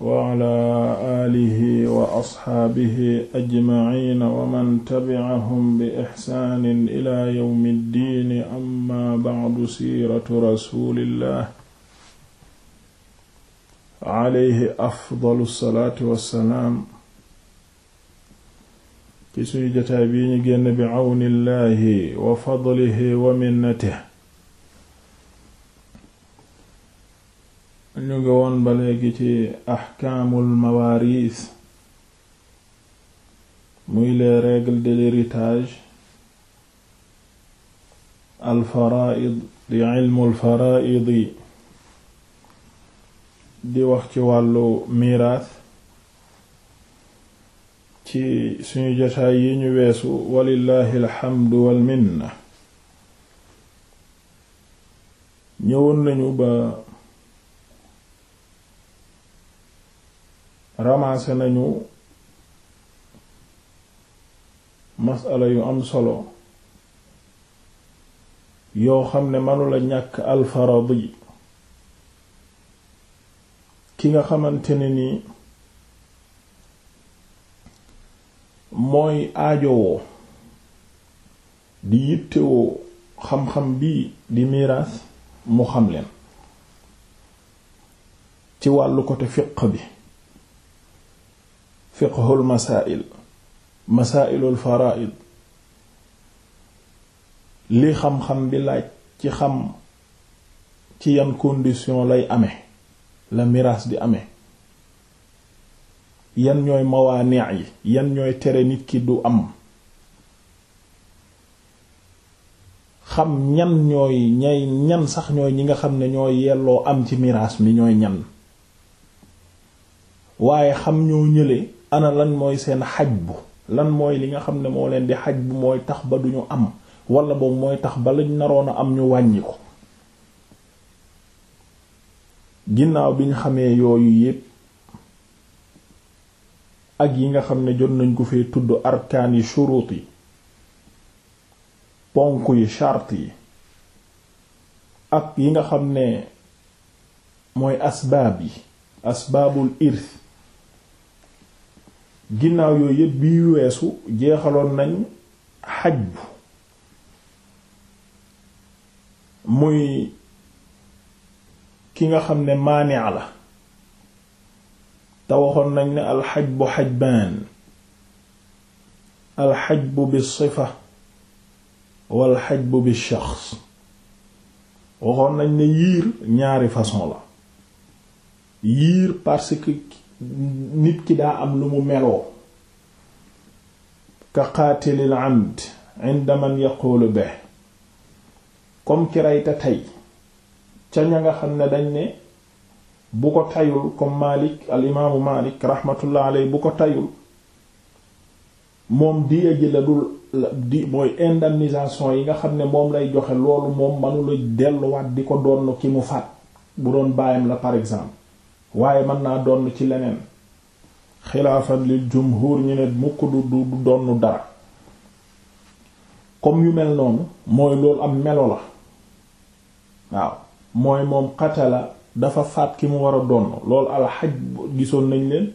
wa ala aalihi wa asxaabihi ajmaciin wa man tabicahum bi ixsaanin ilaa yawmi ddiini amma bacdu siiratu rasuulillah alayhi afdalu salaatu wa salaam ci suñu jotaay bii ñu génn bi cawnillahi wa fadlihi wa minnatihi ñu ngi woon ba léegi ci ahkaamul mawariis muy les règles de l'héritage al fara'id di ilmul fara'idi di wax ci wàllu miraas ci suñu jotaay yi ñu weesu walilaahi alhamdu wal minna ñëwoon nañu ba ramassé nañu masala yu am solo yoo xam ne mënula ñàkk alfaradi ki nga xamante ne nii mooy aajowoo di yittewoo xam-xam bii di miraas mu xam leen ci wàllu côté fiq bi fiqhul masaa'il masaa'ilul faraa'id li xam-xam bi laaj ci xam ci yan condition lay ame la miraas di ame yan ñooy mawaani yi yan ñooy tere nit ki du am xam ñan ñooy ñay ñan sax ñooy ñi nga xam ne ñoo yelloo am ci miraas mi ñooy ñan waaye xam ñoo ñële ana lan mooy seen xaj bu lan mooy li nga xam ne moo leen di xaj bu mooy tax ba duñu am walla boobu mooy tax ba lañ naroon a am ñu wàññi ko ginnaaw bi ñu xamee yooyu yépp ak yi nga xam ne jot nañ ko fee tudd arkaan yi shuruut yi ponk yi charte yi ak yi nga xam ne mooy asbaab yi asbaabul irth ginnaaw yooyu yëpp bi weesu jeexaloon nañ xaj bu muy ki nga xam ne maania la te waxoon nañ ne alxaj bu xajbaan alxaj bu bi sifa walxaj bu bi shaxs waxoon nañ ne yiir ñaari façon la yiir parce que nit ki daa am lu mu meloo ka qaatilil amd inda man yaqulu comme ki rey te tey ca ña nga xam ne dañ ne bu ko tayul comme Maalik al imaamu Maalik bu ko tayul moom diya ji la dul di mooy indemnisation yi nga xam ne moom lay joxe loolu moom manula delluwaat di ko doon ki mu faat bu doon baayam la par exemple waaye mën naa donn ci leneen xilaafan lil jumhur ñu ne mukk du du donn dara comme yu mel noonu mooy loolu am melo la waaw mooy moom xate la dafa faat ki mu war a donn loolu alxaj gisoon nañ leen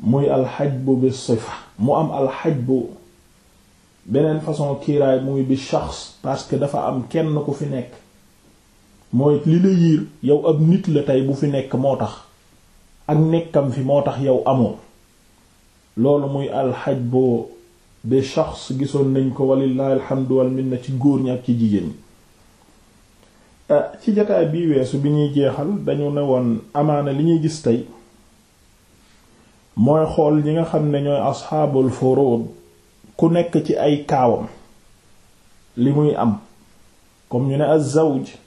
muy alxaj bu bi sifa mu am alxaj bu beneen façon kiiraay muy bi shaxs parce que dafa am kenn ku fi nekk mooy li la yiir yow ab nit la tey bu fi nekk moo tax ak nekkam fi moo tax yow amoo loolu muy alxaj boo be shaxs gisoon nañ ko walillahi alhamdu wal na ci góor ñi ak ci jigéen ñi ah, ci jataay bi weesu bi ñuy jeexal dañu ne woon amaana li ñuy gis tey mooy xool ñi nga xam ne ñooy asxaabul furud ku nekk ci ay kaawam li muy am comme ñu ne az-zawj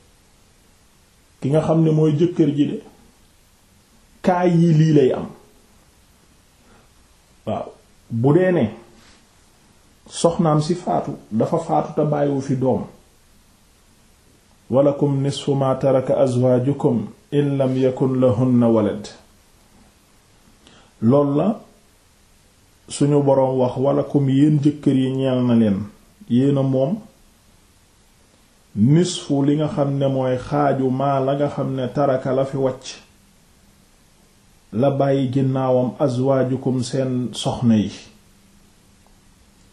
ki nga xam ne mooy jëkkër ji de kaay yi lii lay am waaw bu dee ne soxnaam si faatu dafa faatu te bàyyiwu fi doom walakum nisfu ma taraka azwaajukum in lam yakun lahunna walad lool la suñu boroom wax walakum yéen jëkkër yi ñeel na leen yéena moom nisfu li nga xam ne mooy xaaju maa la nga xam ne taraka la fi wacc la bàyyi ginnaawam azwaajukum seen soxna yi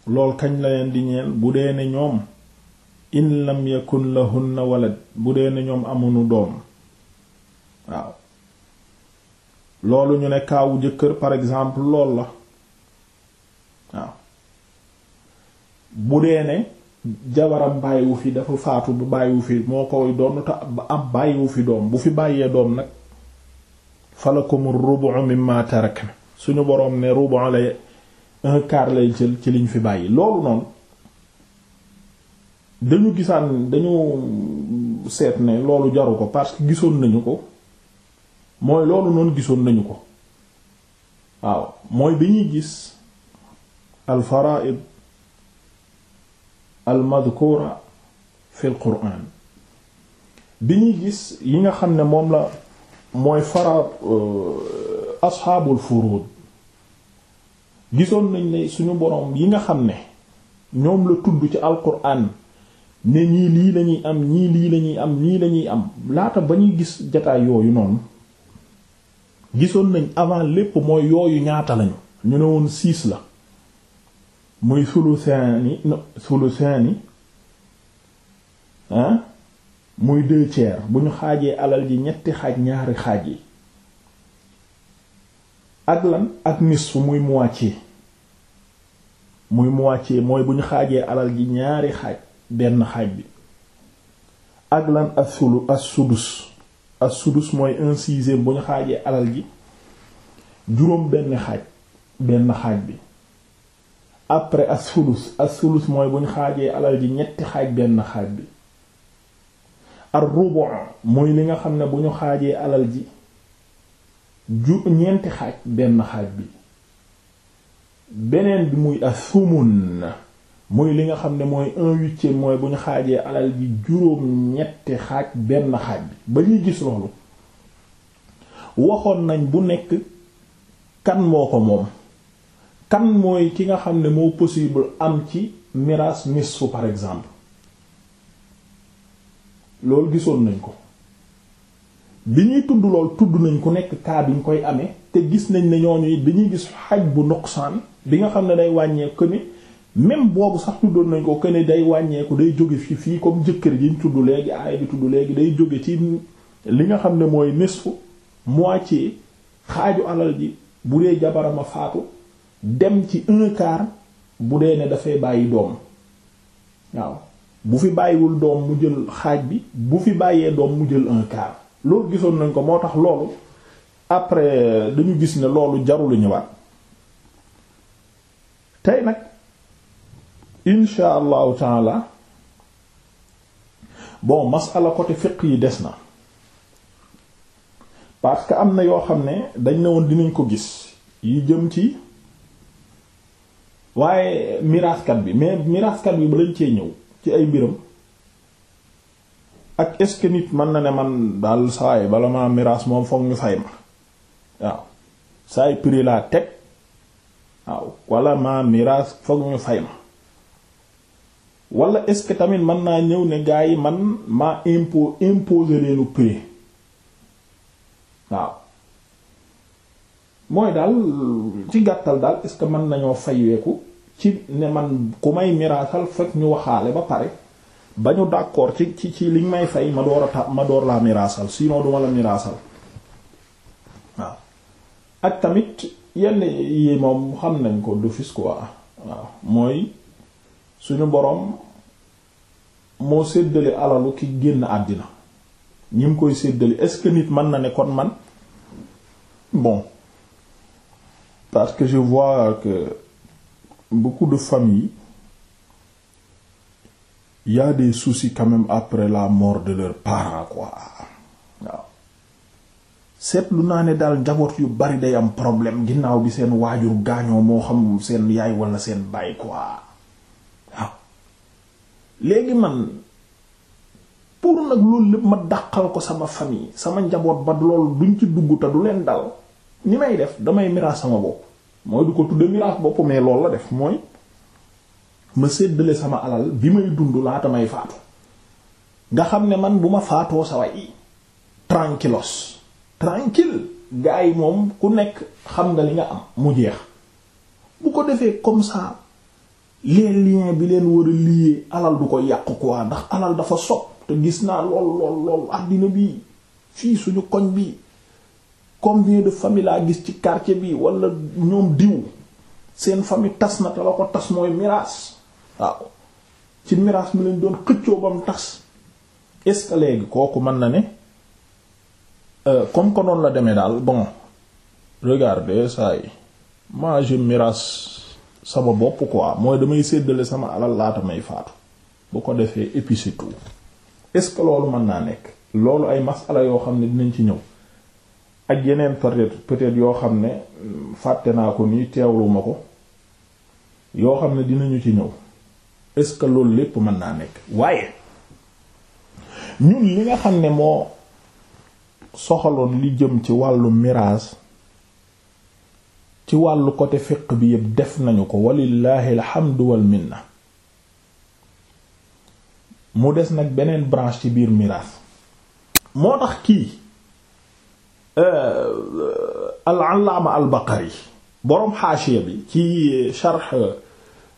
lool kañ la leen di ñeel bu dee ne ñoom in lam yakun lahunna walad bu dee ne ñoom amuñu doom waaw loolu ñu ne kaawu jëkkër par exemple lool la waaw bu dee ne jabaram bàyyiwu fi dafa faatu bu bàyyiwu fi moo koy doon te ab bàyyiwu fi doom bu fi bàyyee doom nag falakum rubu mimma tarakna suñu boroom ne rubu lay un lay jël ci liñ fi bàyyi loolu noonu dañu gisaan dañu seet ne loolu jaru ko parce que gisoon nañu ko mooy loolu noonu gisoon nañu ko waaw mooy bi ñuy gis al almadkuura fi l quraan bi ñuy gis yi nga xam ne moom la mooy fara euh, asxaabul furuud gisoon nañ ne suñu boroom yi nga xam ne ñoom la tudd ci alquraan ne ñii lii lañuy am ñii lii lañuy am ñii lañuy am laata ba ñuy gis jataay yooyu noonu gisoon nañ avant lépp mooy yooyu ñaata lañu ñu ne woon six la muy sulusaani no sulusaani ah muy deux bu ñu xaajee alal ji ñetti xaaj ñaari xaaj yi ak lan ak nisfu muy moitié muy moitié mooy bu ñu xaajee alal ji ñaari xaaj benn xaaj bi ak lan as sulu as sudus as sudus mooy un sixième bu ñu xaajee alal ji juróom benn xaaj benn xaaj bi après as-sulus as-sulus mooy buñ xaajee alal ji ñetti xaaj benn xaaj bi ar-rubu' mooy li nga xam ne bu ñu xaajee alal ji ju ñeenti xaaj benn xaaj bi beneen bi muy as-sumun muy li nga xam ne mooy un huitième mooy bu ñu xaajee alal ji juróom ñetti xaaj benn xaaj bi ba ñuy gis loolu waxoon nañ bu nekk kan moo ko moom kan mooy ki nga xam ne moo possible am ci miraas nisfu par exemple loolu gisoon nañ ko bi ñuy tudd lool tudd nañ ku nekk kaa bi ñu koy amee te gis nañ ne ñooñu bi ñuy gis xaj bu saan bi nga xam ne day wàññeeku ne même boobu sax tuddoon nañ ko que ne day wàññeeku day jóge fii fii comme jëkkër ji ñu tudd léegi aay bi tudd léegi day jóge ci li nga xam ne mooy nisfu moitié xaaju alal ji bu dee jabarama faatu dem ci un quart bu dee ne dafay bàyyi doom waaw bu fi bàyyiwul doom mu jël xaaj bi bu fi bàyyee doom mu jël un quart loolu gisoon nañ ko moo tax loolu après dañu gis ne loolu jarul ñëwaat tey nag insha allahu taala bon masala côté fiqh yi des na parce que am na yoo xam ne dañ ne woon dinañ ko gis yi jëm ci waaye miraaskat bi mais miraaskat bi ba lañ cee ñëw ci ay mbiram ak est-ce nit mën na ne man daal saay bala ma miraas moom foog ñu fay ma waaw saay prix laa teg waaw wala ma miraas foog ñu fay ma wala est-ce tamit mën naa ñëw ne gaa yi man ma impo imposer leenu prix waaw mooy daal ci gàttal daal est-ce que mën nañoo fayweeku ci ne man ku may miraasal fekk ñu waxaale ba pare ba ñu d'accord ci ci ci liñ may fay ma door a ta ma door laa miraasal sinon duma la miraasal waaw ak tamit yenn yi moom xam nañ ko du quoi waaw mooy suñu boroom moo séddale alalu ki génn àddina ñi mu koy séddale est nit mën na ne kon man bon parce que je vois que beaucoup de familles y a des soucis après la mort de leurs parents quoi waaw seetlu naa ne daal njaboot yu bari day am problème ginnaaw bi seen waajur gaañoo moo xam seen yaay walla seen baay ko waaw léegi man pour nag loolu lépp ma dàqal ko sama famille sama njaboot ba loolu duñ ci dugg te du leen dal ni may def damay miraas sama bopp mooy du ko tudde miraas bopp mais lool la def mooy ma séddale sama alal bi may dund laata may faatu nga xam ne man bu ma faatoo sa way tranquillos tranquille gaa yi moom ku nekk xam nga li nga am mu jeex bu ko defee comme ça les liens bi leen war a lier alal du ko yàqu quoi ndax alal dafa sob te gis naa lool lool lool àddina bi fii suñu koñ bi comme combien de famille laa gis ci quartier bi wala ñoom diw seen famille tas na te la ko tas mooy miraas waaw ci miraas mi leen doon xëccoo ba tas est-ce kooku mën na ne euh, comme que doon la demee daal bon regardez ça y moi je miraas sama bopp quoi mooy damay séddale sama alal laata may faatu bu ko defee et puis tout est-ce que loolu mën naa nekk loolu ay masala yoo xam ne dinañ ci ñëw ak yeneen peut-être yoo xam ne fàtte naa ko nii teewlu ko yoo xam ne dinañu ci ñëw est-ce que loolu lépp mën naa nekk waaye ñun li nga xam ne moo soxaloon li jëm ci wàllu miraas ci wàllu côté fiq bi yëpp def nañu ko walillahi alhamdu wal minna mu des nag beneen branche ci biir miraas moo tax kii Euh, euh, al-allaama al-baqari boroom xaashiya bi ci euh, sharx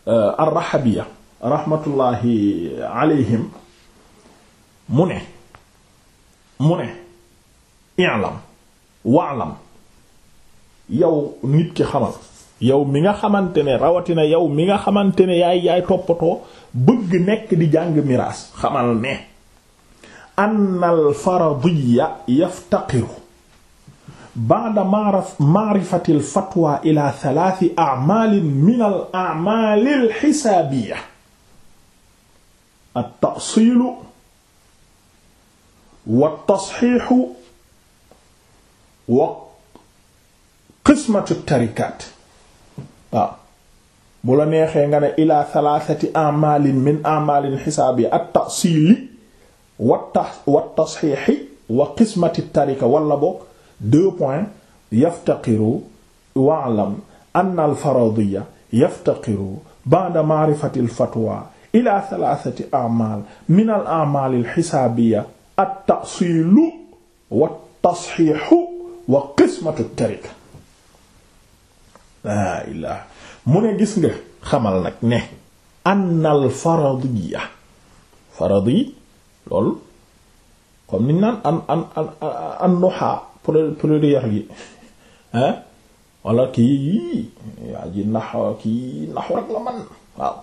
ar-raxabiya raxmatullaahi alayhim mu ne mu ne i'lam wa'lam yow nit ki xamal yow mi nga xamante ne rawatina yow mi nga xamante ne yaay yaay toppatoo bëgg nekk di jàng miraas xamal ne anna al-faradiyya yaftaqiru ba'da ma'rifatil fatwa ila thalathi a'malin min al a'mal al hisabiyyah at-ta'sil wa at-tashih wa qismatu at-tarikat waaw bu la neexee nga ne ila thalathati a'malin min a'malin hisabiyyah at-ta'sil wa at-tashih wa qismatu at-tarika wala bokk deux points yaftaqiru wa'lam anna al-faradiyya yaftaqiru ba'da ma'rifati al-fatwa ila thalathati a'mal min al-a'mal al-hisabiyya at-ta'silu wa at-tashihu wa qismatu at-tarika laa ilaa mu ne gis nga xamal nag ne anna al-faradiyya faradi loolu comme niñ naan an an an nuha pluriel gi walla wala kii yaa ji nax kii nax rek la man waaw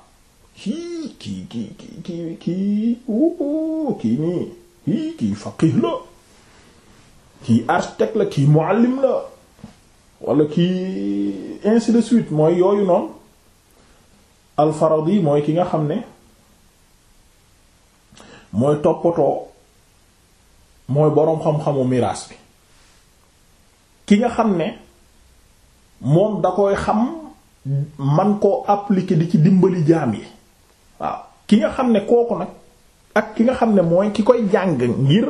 kii kii kii kii kii kii kii nii kii kii faqih la kii architecte la kii muallim la wala kii ainsi de suite mooy yooyu noonu alfaradi mooy ki nga xam ne mooy toppatoo mooy boroom xam-xamu miraas bi ki nga xam ne moom da koy xam man koo appliquer di ci dimbali jaam yi waaw ki nga xam ne kooku nag ak ki nga xam ne mooy ki koy jàng ngir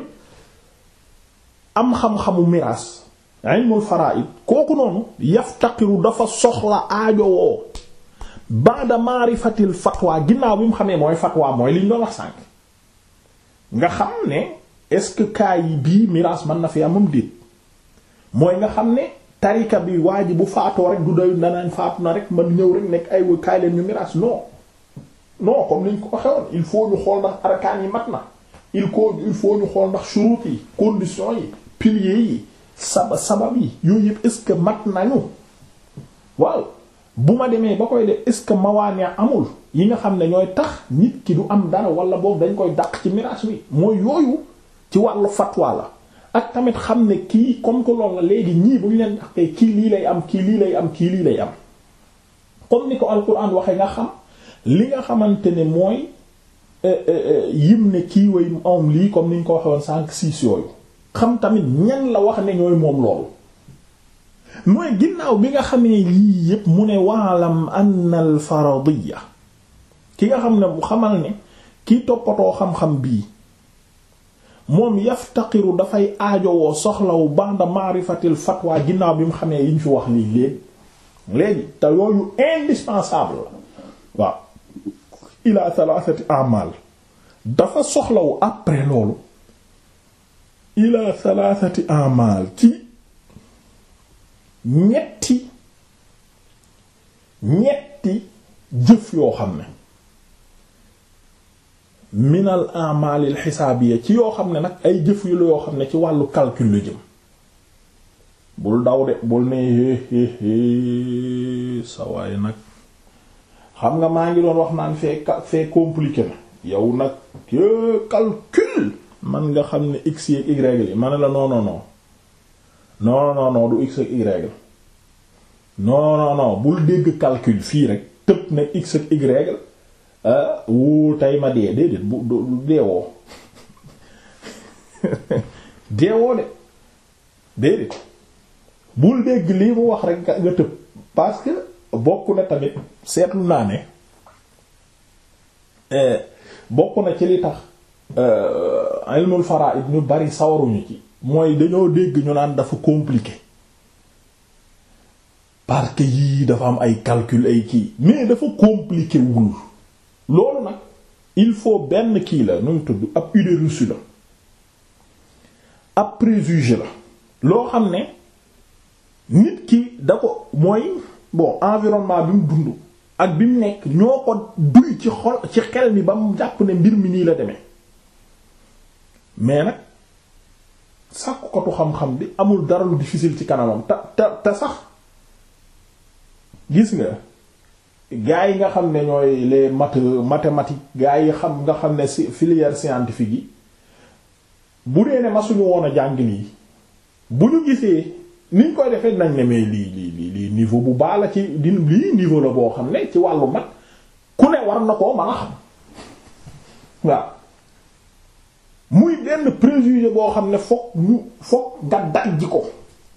am xam-xamu miraas ilmul faraid kooku noonu yaftaqiru dafa soxla aajowoo ba'da maarifatil fatwa ginnaaw bi mu xamee mooy fatwa mooy liñ doon wax sànk nga xam ne est-ce que cas yi bii miraas mën na fi amam déet mooy nga xam ne tarika bi waa ji bu faatoo rek du doy nanaan faatu na rek man ñëw rek nekk ay wa kaay leen ñu miraas non non comme niñ ko xewoon il faut ñu xool ndax arkaan yi mat na il faut il faut ñu xool ndax shurut yi conditions yi piliers yi saba sabab yi yooyu yëpp est-ce que mat nañu waaw bu ma demee ba koy def est-ce que mawaane amul yi nga xam ne ñooy tax nit ki du am dara wala boobu dañ koy dàq ci miraas wi mooy yooyu ci wàllu fatwa la ak tamit xam ne kii comme que loolu la léegi ñii bu ñu leen daqee kii lii lay am kii lii lay am kii lii lay am comme ni ko alquran waxee nga xam li nga xamante ne mooy euh, euh, euh, yim ne kii way am lii comme ni ñu ko waxee woon sànq siis yooyu xam tamit ñan la wax ne ñooy moom loolu mooy ginnaaw bi nga xam ne lii yépp mu ne waalam anna al faradiyya ki nga xam ne bu xamal ne kii toppatoo xam-xam bii moom yaftaqiru dafay aajo aajowoo soxlawu banda maarifatil waa ginnaaw bi mu xamee yi ñu fi wax lii léegi léegi te yooyu indispensable la waaw ila thalathati amal dafa soxlawu après loolu ila thalathati amal ci ñetti ñetti jëf yoo xam ne minal amalil xisaabiya ci yoo xam ne nag ay jëf yu la yoo xam ne ci wàllu calcul la jëm bul daw de bul ne ééé sa waaye nag xam nga maa ngi doon wax naan fee fee compliqué na yow nag calcul man nga xam ne x yi y li ma ne la non non non dégg calcul fii rek tëb ne wuu euh, tey ma dee déedéet bu deewoo deewoo de déedéet bul dégg lii mu wax rek nga tëb parce que bokk na tamit seetlu naa ne euh, bokk na ci li tax euh, ilmul faraid ñu bari sawaruñu ci mooy dañoo dégg ñu naan dafa compliqué parce que yii dafa am ay calcul ay kii mais dafa compliqué loolu nag il faut benn kii la nu mu tudd ab idée reçue la ab préjugé la loo xam ne nit ki da ko mooy bon environnement bi mu dund ak bi mu nekk ñoo ko duy ci xol ci xel mi ba mu jàpp ne mbir mi nii la demee mais nag sàkkukatu xam-xam bi amul dara lu difficile ci kanamam te te sax gis nga. gaa yi nga xam ne ñooy les math mathématiques gaa yi xam nga xam ne si filière scientifique yi bu dee ne masuñu woon a jàng lii bu ñu gisee niñ koy defee nañ ne mais lii lii lii lii niveau bu baax la ci di lii niveau la boo xam ne ci wàllu mat ku ne war na koo mën a xam waaw muy benn préjugé boo xam ne fokk ñu fokk nga ji ko.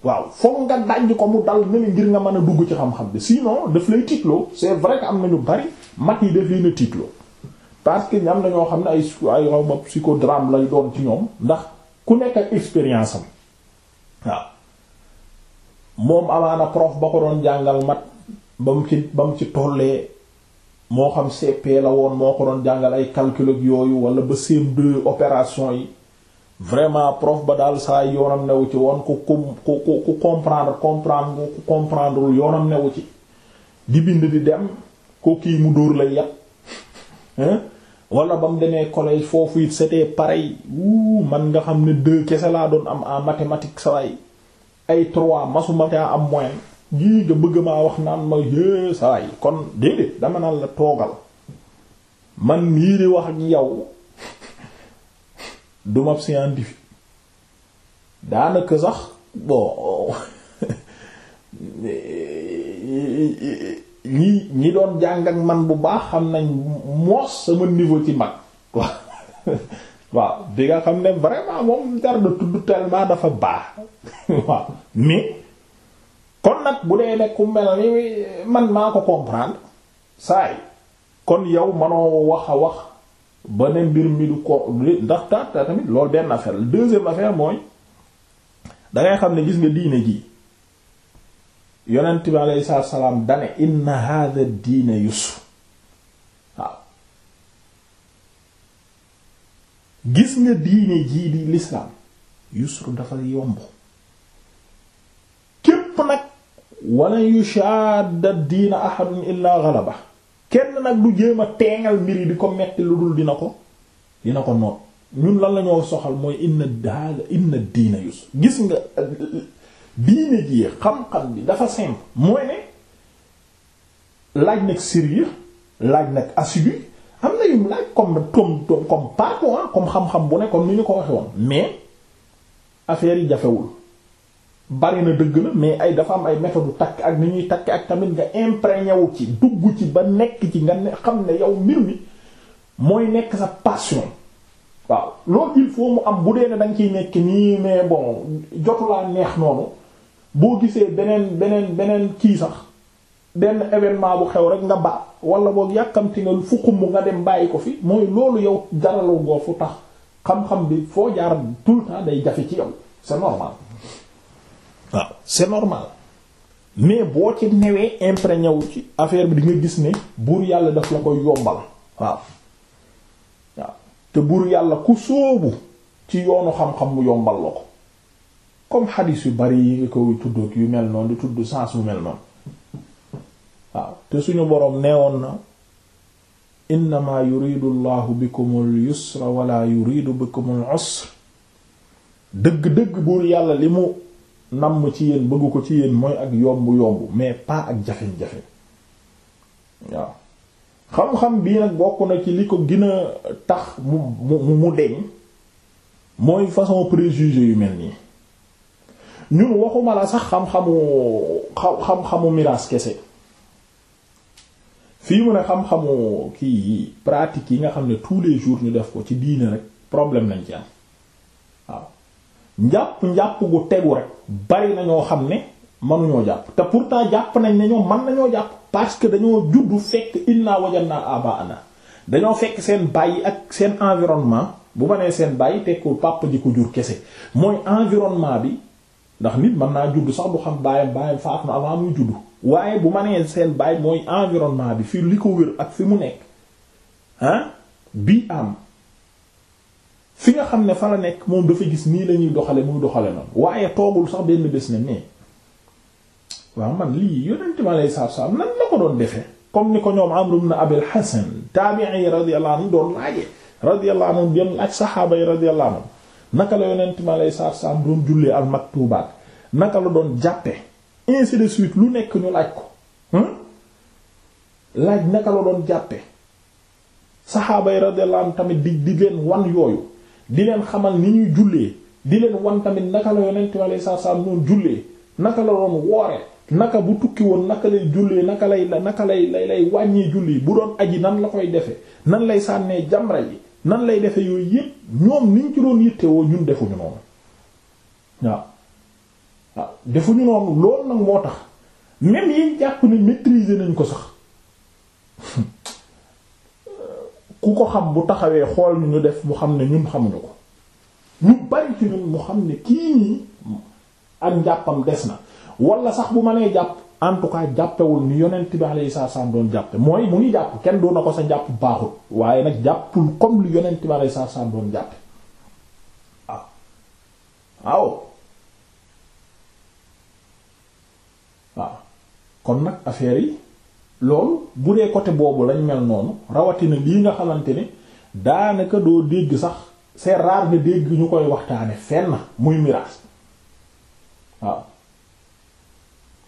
waaw foog nga dàjj ko mu dal ne ngir nga mën a dugg ci xam-xam bi sinon def lay tiitloo c'est vrai am na ñu bari mat yi daf leen a tiitloo parce que ñam na ñoo xam ne ay ay xaw ma psychodrame lay doon ci ñoom ndax ku nekk ak expérience am waaw moom amaana prof ba ko doon jàngal mat ba mu ci ba mu ci tollee moo xam seppee la woon moo ko doon jàngal ay calcul yooyu wala ba CM2 opération yi vraiment prof ba daal saa yoonam newu ci woon ku ku ku ku comprendre comprendre ku comprendrewul yoonam newu ci di bind di dem ko kii mu dóor la yàq wala ba mu demee collège foofu it c'était pareil wuu man nga xam ne deux kese laa doon am en mathématique saway ay trois masuma taa am moyen gii nga bëgg maa wax naan ma yée saway kon déedéet dama naan la toogal man mii di wax ak yow duma scientifique daanaka sax bon ñi ñi doon jàng man bu baax xam nañ moos sama niveau ci mag waaw bi nga xam ne vraiment moom jar na tudd tellement dafa baax waaw mais kon nag bu dee ne ku mel man maa ko comprendre saay kon yow manoo wax a wax ba ne mbir mi du ko ndax ta tamit loolu benn affaire la deuxième mooy dangay xam ne gis nga diine ji yonent bi alayhi salaatu salaam dane inna hadha diina yusr gis nga diine jii di l'islam yusr dafa yomb képp nag wala yushaadda diina ahadun illa ghalaba kenn nag du jéem a teengal mbir yi di ko metti lu dul dina ko dina ko noot ñun lan la ñoo soxal mooy inna daal inna diina yus gis nga diine ji xam-xam bi dafa simple mooy ne laaj nag sérieux laaj nag assidu am na yum laaj comme comme comme paapoa comme xam-xam bu nekkoon comme ñu ko waxe woon mais affaire yi jafewul bari na dëgg la mais ay dafa am ay méthode takk ak ni ñuy takk ak tamit nga imprégné wu ci dugg ci ba nekk ci nga ne xam ne yow mbir mi mooy nekk sa passion waaw loolu il faut mu am bu dee ne da ciy nekk nii mais bon jotulaa neex noonu boo gisee beneen beneen beneen kii sax benn événement bu xew rek nga ba wala boog yàkkamti nga fu xumb nga dem bàyyi ko fi mooy loolu yow jaralaw goo fu tax xam-xam bi foo jaar tout le day jafe ci yow c'est normal waaw c'est normal mais boo ci newee imprégné wu ci affaire bi di nga gis ne buur yàlla daf la koy yombal waaw waaw te buur yàlla ku sóobu ci yoonu xam-xam mu yombal la ko comme xadis yu bari yi nga koy tudd yu mel noonu di tudd sens bu mel noonu waaw te suñu boroom neewoon na innama yuridu llahu bikumul yusra wala yuridu bikumul usra dëgg-dëgg buur yàlla li mu namm ci yéen bëgg ko ci yéen mooy ak yomb-yomb mais pas ak jafeñ-jafeñ waaw xam-xam bii nag bokk na ci li ko gën tax mu mu mu deñ mooy façon préjugé yu mel nii ñun waxuma la sax xam-xamu xam-xamu miraas kese fii mu a xam-xamu kii yi pratique yi nga xam ne tous les jours ñu def ko ci diine rek problème nañ ci am njàpp njàpp gu tegu rek bari na ñoo xam ne mënuñoo jàpp te pourtant jàpp nañ ne ñoom man nañoo jàpp parce que dañoo juddu fekk naa inna wajadna abaana dañoo fekk seen bàyyi ak seen environnement bu ma nee seen bàyyi tekkul papa ji ko jur kese mooy environnement bi ndax nit mën naa judd sax bu xam bàyyam bàyyam faatu na avant muy juddu waaye bu ma nee seen bàyyi mooy environnement bi fii li ko wér ak fi mu nekk ah bii am fi nga xam ne fa la nekk moom dafa gis nii lañuy doxale muy doxale noonu waaye toogul sax benn bés na mais waaw man lii yonent ma lay saab saab nan la ko doon defee comme ni ko ñoom Amr ibn Abil Hasan taabi'i radiyallahu anhu doon laajee radiyallahu ak saxaaba yi naka la yonent ma lay saab saab doon jullee al naka la doon jàppe ainsi de suite lu nekk ñu laaj ko hmm? laaj naka la doon jàppe saxaaba yi radiyallahu anhu tamit di di leen wan yooyu di leen xamal ni ñuy jullee di leen wan tamit naka la yonent bi alayhi salaatu salaam jullee naka la doon woore naka bu tukki woon naka lay jullee naka lay naka lay lay lay wàññee julli bu doon yi nan la koy defee nan lay sànnee jamra yi nan lay defee yooyu yépp ñoom niñ ci doon yittewoo ñun defuñu noonu waaw defuñu noonu loolu nag moo tax même yi jàpp ne maîtriser nañ ko sax ku ko xam bu taxawee xool ñu def mu xam ne ñun xamuñu ko ñu bari ci ñun mu xam ne kii nii ak njàppam des na walla sax bu ma nee jàpp en tout cas jàppewul ni yonent bi alayhi salaam doon jàppe mooy mu jàpp kenn doon na sa jàpp baaxul waaye nag jàppul comme li yonent bi alayhi salaam doon jàppe waaw waaw kon nag affaire yi loolu bu dee côté boobu lañ mel noonu rawatina lii nga xamante ni daanaka doo dégg sax c'est rare de dégg ñu koy waxtaane fenn muy miraas waaw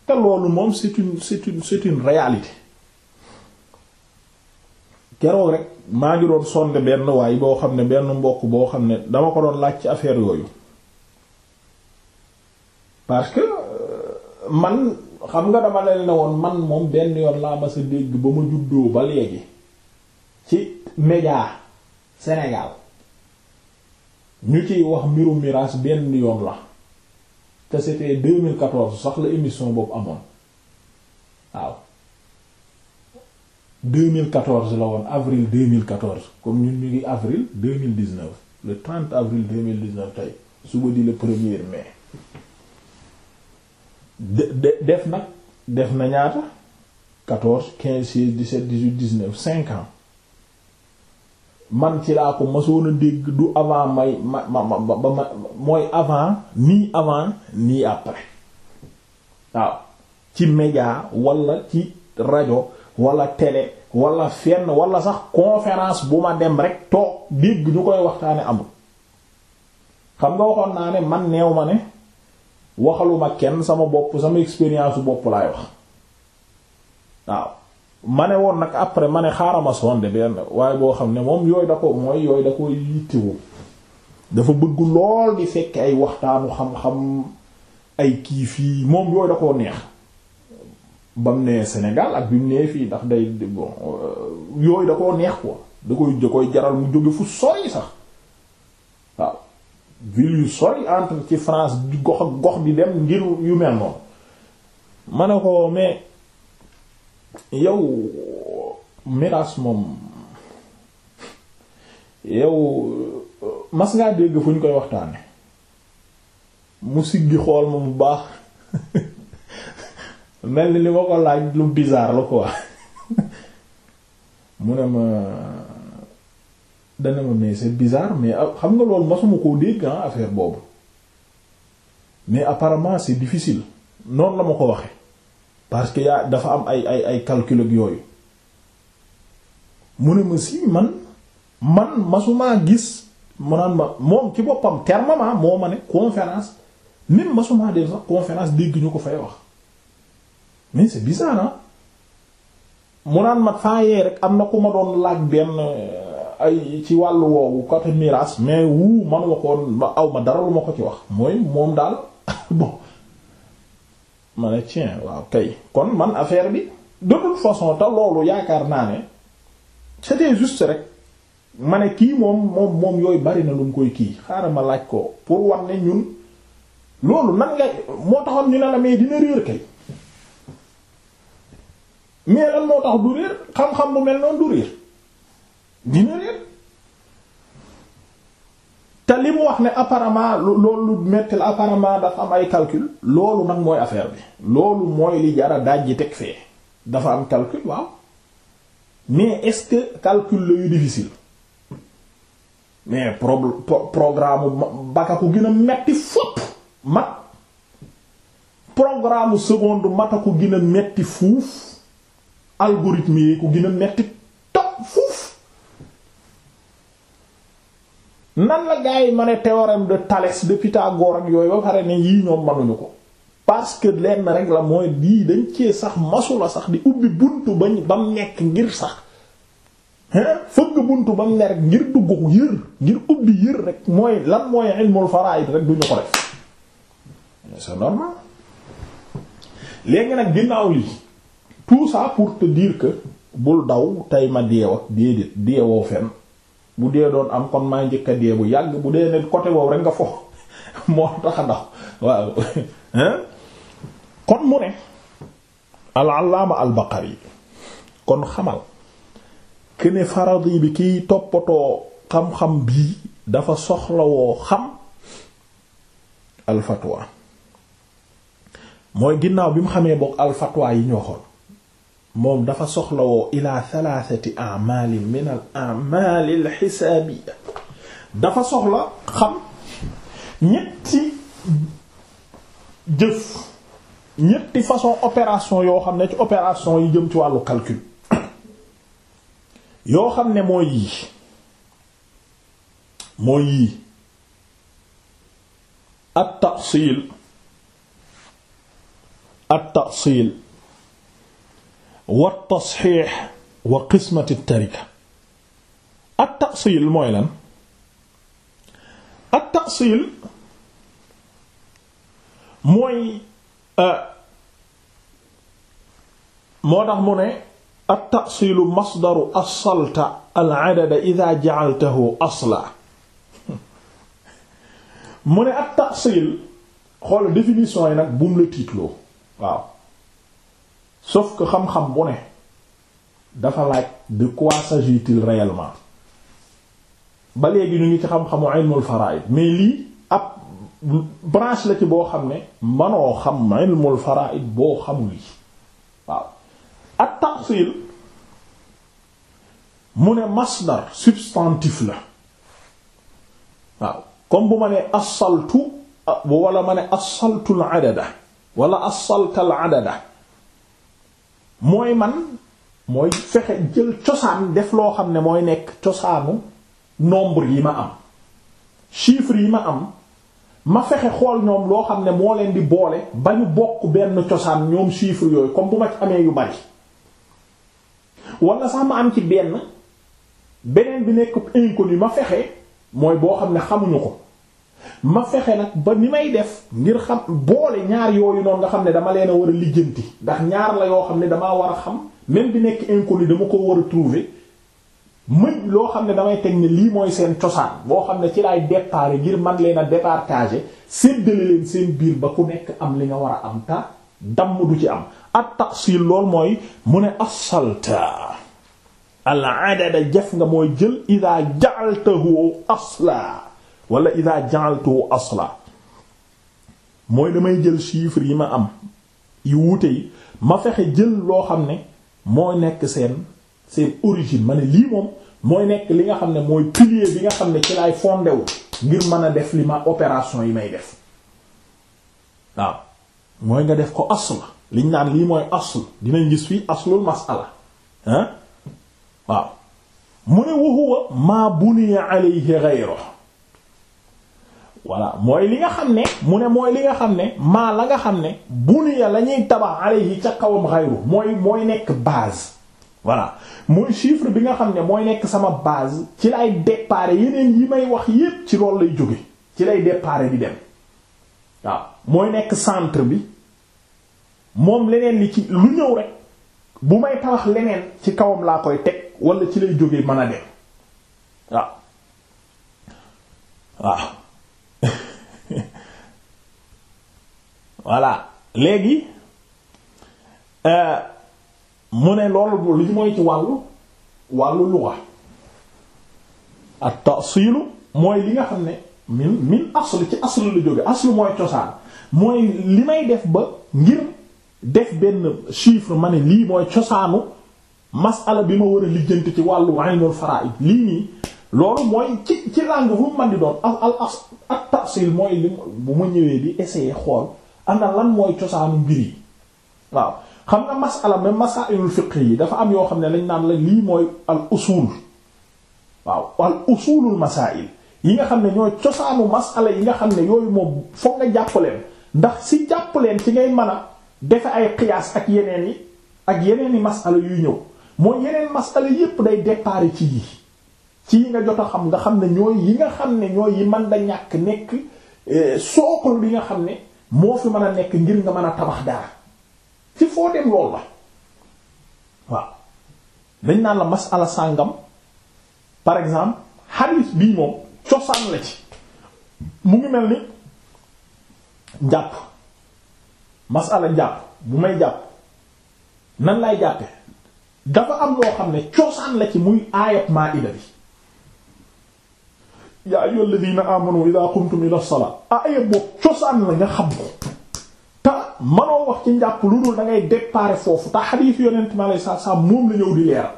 te loolu moom c'est une c'est une c'est keroog rek maa ngi doon sonde benn waay boo xam ne benn mbokk boo xam ne dama ko doon laaj ci affaire yooyu parce que euh, man. xam nga dama leen ne woon man moom benn yoon laa ma sa dégg ba ma juddoo ba léegi ci média Sénégal ñu ciy wax mbiru miraas benn yoon la te c'était 2014 sax la émission boobu amoon waaw 2014 la woon avril 2014 comme ñun ñu ngi avril 2019 le 30 avril 2019 tey suba di le premier mai. def nag def na ñaata quatorze quinze seize dix-sept dix-huit dix-neuf cinq ans man ci laa ko masoon a dégg du avant may ma ma ma ma mooy avant nii avant nii après waaw ci média wala ci rajo walla télé walla fenn wala sax conférence bu ma dem rek toog dégg ñu koy waxtaane amul xam nga waxoon naa ne man neew ma ne waxaluma kenn sama bopp sama expérience su bopp laay wax waaw ma ne woon nag après ma ne xaaral ma sonde benn waaye boo xam ne moom yooyu da ko mooy yooyu da ko yittewoo dafa bëgg lool di fekk ay waxtaanu xam ay kii fii moom yooyu koo neex bam ne nee Sénégal ak bi nee fii ndax day bon euh, yooyu da koo neex ko da koy da jaral mu jóge fu sori sax. ville yu sori entre ci France gox ak gox di dem ngir yu mel noonu ma ne ko mais yow miraas moom yow euh, mas ngaa dégg fu ñu koy waxtaane mu siggi xool ma bu baax mel ni li ma ko laaj lu bizarre la quoi mu ne ma dana ma mais c'est bizarre mais ah, xam nga loolu masuma koo dégg ah affaire boobu mais apparemment c'est difficile noonu la ma ko waxee parce que yaa dafa am ay ay ay calcul yooyu mu ne ma si man man masumaa gis mu ma moom ci boppam termement ah, moo ma ne conférence même masuma def sax conférence dégg ñu ko fay wax mais c'est bizarre ah naan ma faayee rek am na ku ma doon laaj benn ay ci wàllu woowu côté miraas mais wu man waxoon ma aw ma dara lu ma ko ci wax mooy moom daal bon ma ne tiens waaw kay kon man affaire bi de toute façon te loolu yaakaar naa ne c'était juste rek ma ne kii moom moom moom yooyu bari na lu mu koy kii xaaral ma laaj ko pour wax ne ñun loolu nan nga moo taxoon ñu ne la mais dina réer kay mais lan moo tax du réer xam-xam bu mel noonu du réer. dina réer te li mu wax ne apparemment loolu lu metti la apparemment dafa am ay calcul loolu nag mooy affaire bi loolu mooy li jara dajji teg fee dafa am calcul waaw mais est calcul la yu difficile mais programme baka ko gën a metti fopp mat programme seconde mata ko gën a metti fuuf algorithme yi ko gën metti nan la gars yi ma ne théorème de Thalès de Pythagore ak yooyu ba pare ne yii ñoom manuñu ko parce que lenn rek la mooy lii dañ ci sax masula sax di ubbi buntu bañ ba mu nekk ngir sax fëgg buntu ba mu ne rek ngir dugg yër ngir ubbi yër rek mooy lan mooy ilmul faraid rek duñu ko def c'est normal léegi nag ginnaaw li tout ça pour te dire que bul daw tey ma deew ak déedéet deewoo fenn bu dee doon am kon maa njëkk a dee bu yàgg bu dee ne côté boobu rek nga fo moo tax ndax waaw kon mu ne al-allaama al-Baqari kon xamal ne faradi bi kiy toppatoo xam-xam bii dafa soxlawoo xam al mooy ginnaaw bi mu xamee boog al yi ñoo xool moom dafa soxlawoo ila thalathati a'mal min al a'mal al hisabiyya dafa soxla xam ñetti jëf ñetti façon opération yoo xam ne ci opération yi jëm ci wàllu calcul yoo xam ne mooy yii mooy yii at-tahsil at-tahsil wa tasxiix wa qismati tarika at taasiil mooy lan at taasiil mooy euh, moo tax mu ne at taasilu masdaru asalta al adada ida jacaltahu asla mu ne at taasiil xool définition yi nag bum la tiitloo waaw sauf que xam-xam bu ne dafa laaj de quoi s'agit-il réellement ba léegi ñu ngi ci xam-xamu ilmul faraid mais lii ab branche la ci boo xam ne manoo xam ilmul faraid boo xamul yi waaw ak tafsil mu ne masdar substantif la waaw comme bu ma nee asaltu wala ma ne asaltu al adada wala asalta al adada mooy man mooy fexe jël cosaan def loo xam ne mooy nekk cosaanu nombre yi ma am chiffre yi ma am ma fexe xool ñoom loo xam ne moo leen di boole ba ñu bokk benn cosaan ñoom chiffre yooyu comme bu ma amee yu bari wala sax ma am ci benn beneen bi nekk inconnu ma fexe mooy boo xam ne xamuñu ko ma fexe nag ba ni may def ngir xam boole ñaar yooyu noonu nga xam ne dama leen a war a lijjanti ndax ñaar la yoo xam ne damaa war a xam même bi nekk inconnu dama ko war a trouver mëj loo xam ne damay teg ne lii mooy seen cosaan boo xam ne ci laay déparé ngir man leen a départager séddale leen seen biir ba ku nekk am li nga war a am ta damm du ci am at taqsil lool mooy mu ne asalta al adada jef nga mooy jël ida ja'altahu asla wala ida ja'altu asla mooy damay jël chiffre yi ma am yu wuute yi ma fexe jël loo xam ne moo nekk seen seen origine ma ne lii moom mooy nekk li nga xam ne mooy pilier bi nga xam ne ci laay fondé wu ngir mën a def li ma opération yi may def waaw mooy nga def ko asl liñ naan lii mooy asl dinañ gis fii aslul masala ah waaw mu ne wa huwa ma buniya alayhi ghayruhu voilà mooy li nga xam ne mu ne mooy li nga xam ne maa la nga xam ne buniya la ñuy tabax alayhi ca kawam xayru mooy mooy nekk base voilà mooy chiffre bi nga xam ne mooy nekk sama base ci lay départ yeneen yi may wax yépp ci loolu lay jóge ci lay départ bi dem waaw mooy nekk centre bi moom leneen li ci lu ñëw rek bu may tabax leneen ci kawam laa koy teg wala ci lay jóge man a dem waaw waaw voilà léegi euh, mu ne loolu li mooy ci wàllu wàllu luga at tasilu mooy li nga xam ne min min asl ci asl lu jóge asl mooy cosaan mooy li may def ba ngir def benn chifre ma ne lii mooy cosaanu masala bi ma war a lijjanti ci wàllu ilmul fara'id lii nii loolu mooy ci ci langue fu mu doon al al as at tasil mooy li bu ma ñëwee di essayer xool ana lan mooy cosaanu mbir yi waaw xam nga masala même masailul fiqh yi dafa am yoo xam ne lañ naan la lii mooy al usul waaw al usulul masail yi nga xam ne ñooy cosaanu masala yi nga xam ne yooyu moom foog nga jàppaleen ndax si jàppaleen ci ngay mën a defe ay qiyaas ak yeneen yi ak yeneen i masala yuy ñëw mooy yeneen masala yépp day départ ci yi ci yi nga jot a xam nga xam ne ñooy yi nga xam ne ñooy yi man da ñàkk nekk eh, sookul bi nga xam ne moo fi man a nekk ngir nga mën a tabax dara ci foo dem lool la waaw dañ naan la masala sàngam par exemple hadith bii moom cosaan la ci mu ngi mel ni njàpp masala njàpp bu may jàpp nan lay jàppe dafa am loo xam ne cosaan la ci muy aayat maa ida bi yaa ayyuhal ladina amanu idha qumtum ila salat aaya ah, boobu cosaan la nga xam ko te manoo wax ci njàpp lu dul da ngay déparé foofu te xadiis yonent mi alayhi salaatu salaam moom la ñëw di leeral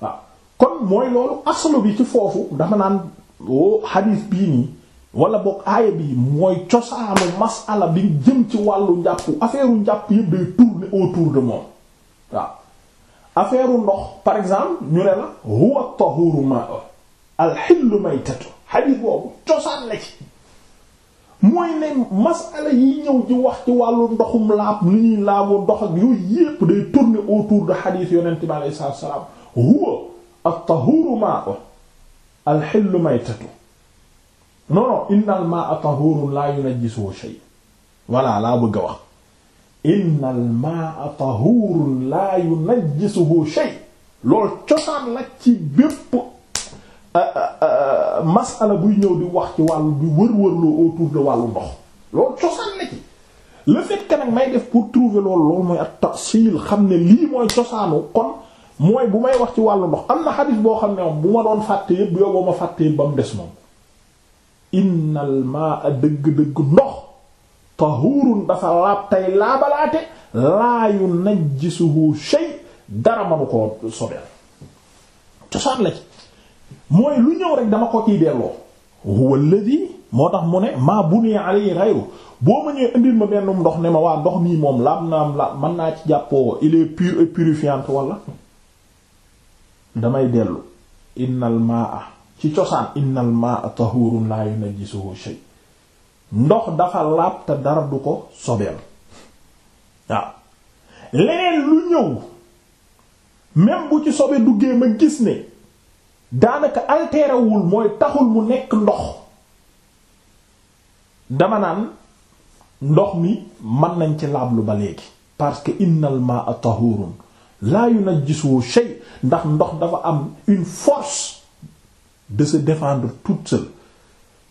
waaw kon mooy loolu aslu bi ci foofu dama naan woo xadiis bii nii wala boog aaya bii mooy cosaanu masala bi jëm ci wàllu njàpp affaire u njàpp yëpp day tourner autour de moom waaw affaire ndox par exemple ñu ne la huwa tahuru ma'a alxillu maytatu xadiis boobu cosaan la ci mooy ne masala yi ñëw ji wax ci wàllu ndoxum laab ni ñuy laaboo ndox ak yooyu yépp day tourner autour de xadiis yonent bi alayhi salaatu wa salaam huwa at-tahuuru maa'u alxillu maytatu non non innal maa'a tahuurun laa yunajjisuhu shay voilà laa bëgg a wax innal maa'a tahuurun laa yunajjisuhu shay loolu cosaan la ci bépp Euh, euh, euh, masala buy ñëw di wax ci wàllu bi wër-wërloo autour de wàllu ndox loolu cosaan na ci le fait nag may def pour trouver loolu loolu mooy ak tafsil xam ne lii mooy cosaanu kon mooy bu may wax ci wàllu ndox am na xadis boo xam ne bu ma doon fàtte yëpp yow boo ma fàtte yëpp ba mu des moom innal maa dëgg-dëgg ndox tahurun dafa laab tey laabalaate laayu najjisuhu shay dara manu koo sobeel cosaan la ci mooy lu ñëw rek dama ko ciy delloo huwa alladhi moo tax mu ne maa buniya alayhi ghayru boo ma ñëwee indil ma benn ndox ne ma waa ndox mii moom laam naam la mën naa ci jàppoo il est pur et purifiant wala damay dellu innal maa ci cosaan innal maa tahurun la yunajjisuhu shay ndox dafa laab dara du ko sobeel waaw leneen lu ñëw même bu ci sobe duggee ma gis ne daanaka altéré wul mooy taxul mu nekk ndox dama naan ndox mi mën nañ ci laablu ba léegi parce que innal laayu tahurun la yunajjisu shay ndax ndox dafa am une force de se défendre toute seule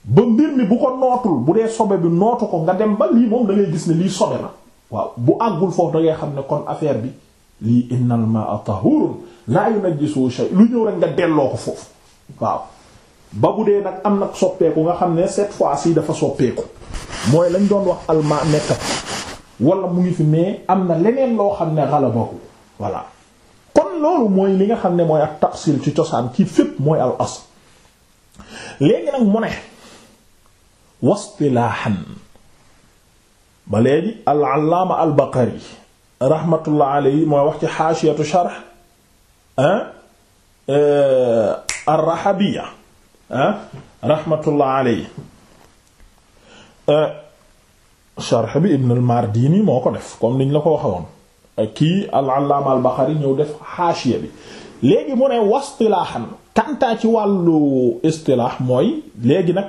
ba mbir mi bu ko nootul bu dee sobe bi nootu ko nga dem ba lii moom da gis ne lii sobe na waaw bu àggul foofu da ngay xam ne kon affaire bi lii innal ma'a laa yu najjisu shay lu ñëw rek nga delloo ko foofu waaw ba bu dee nag am nag soppeeku nga xam ne cette fois ci dafa soppeeku mooy lañ doon wax alma nekkat wala mu ngi fi mais am na leneen loo xam ne xalabahu voilà kon loolu mooy li nga xam ne mooy ak tafsil ci cosaan ci fépp mooy al asl léegi nag mu ne wastilaahan ba léegi al allaama al baqari rahmatullah mooy wax ci xaashiyatu sharh Euh, ar-Rahabiyya rahmatullah alayhi euh, sharh bi Ibn al-Mardini moo ko def comme niñ la ko waxewoon euh, kii al-Allaama al-Buxaari ñëw def xaashiya bi léegi mu ne wastilaahan kantaa ci wàllu istilaax mooy léegi nag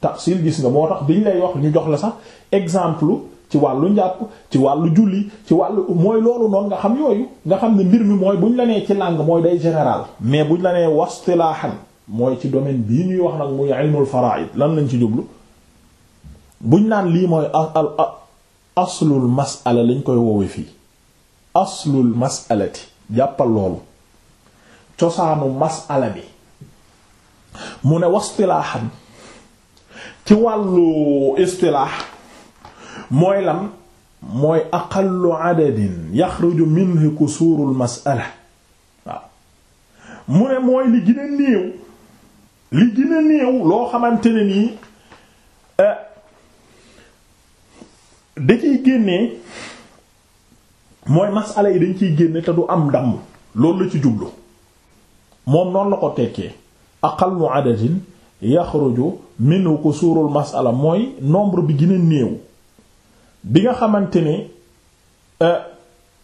tafsil gis nga moo tax biñ lay wax ñu jox la sax exemple ci wàllu njàpp ci wàllu julli ci wàllu mooy loolu noonu nga xam yooyu nga xam ne mbir mi mooy buñ la nee ci langue mooy day général mais bu buñ la nee wastilaahan mooy ci domaine bii ñuy wax nag muy ilmul fara'id lan lañ ci jublu buñ naan lii mooy aslul mas'ala lañ koy woowe fii aslul mas'alati jàppal loolu cosaanu mas'ala bi mu ne wastilaahan ci wàllu istilaax mooy lan mooy aqallu adadin yaxruju minhu kusuurul mas'ala waaw mu ne mooy li gën a néew li gën néew loo xamante ne nii eh, da ciy génnee mooy mas'ala yi dañ ciy génne te du am ndàmm loolu la ci jublu moom noonu la ko tekkee aqallu adadin yaxruju minhu kusuurul mas'ala mooy nombre bi gën a néew. bi nga xamante ni euh,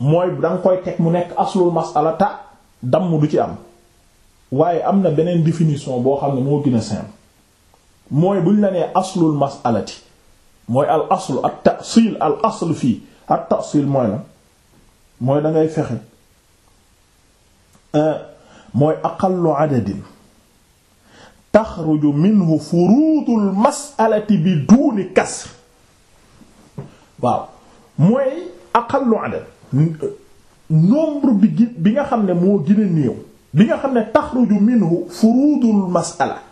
mooy da koy teg mu nekk aslul masala ta du ci am waaye am na beneen définition boo xam ne moo gën a simple bu buñ la nee aslul masalati mooy al aslu al aslu fii at tasil mooy la mooy da fexe euh, mooy aqallu adadin taxruju minhu furuudul masalati bi duuni kasr waaw mooy aqallu adad nombre bi gi bi nga xam ne moo gën a néew bi nga xam ne taxruju minhu furudul masala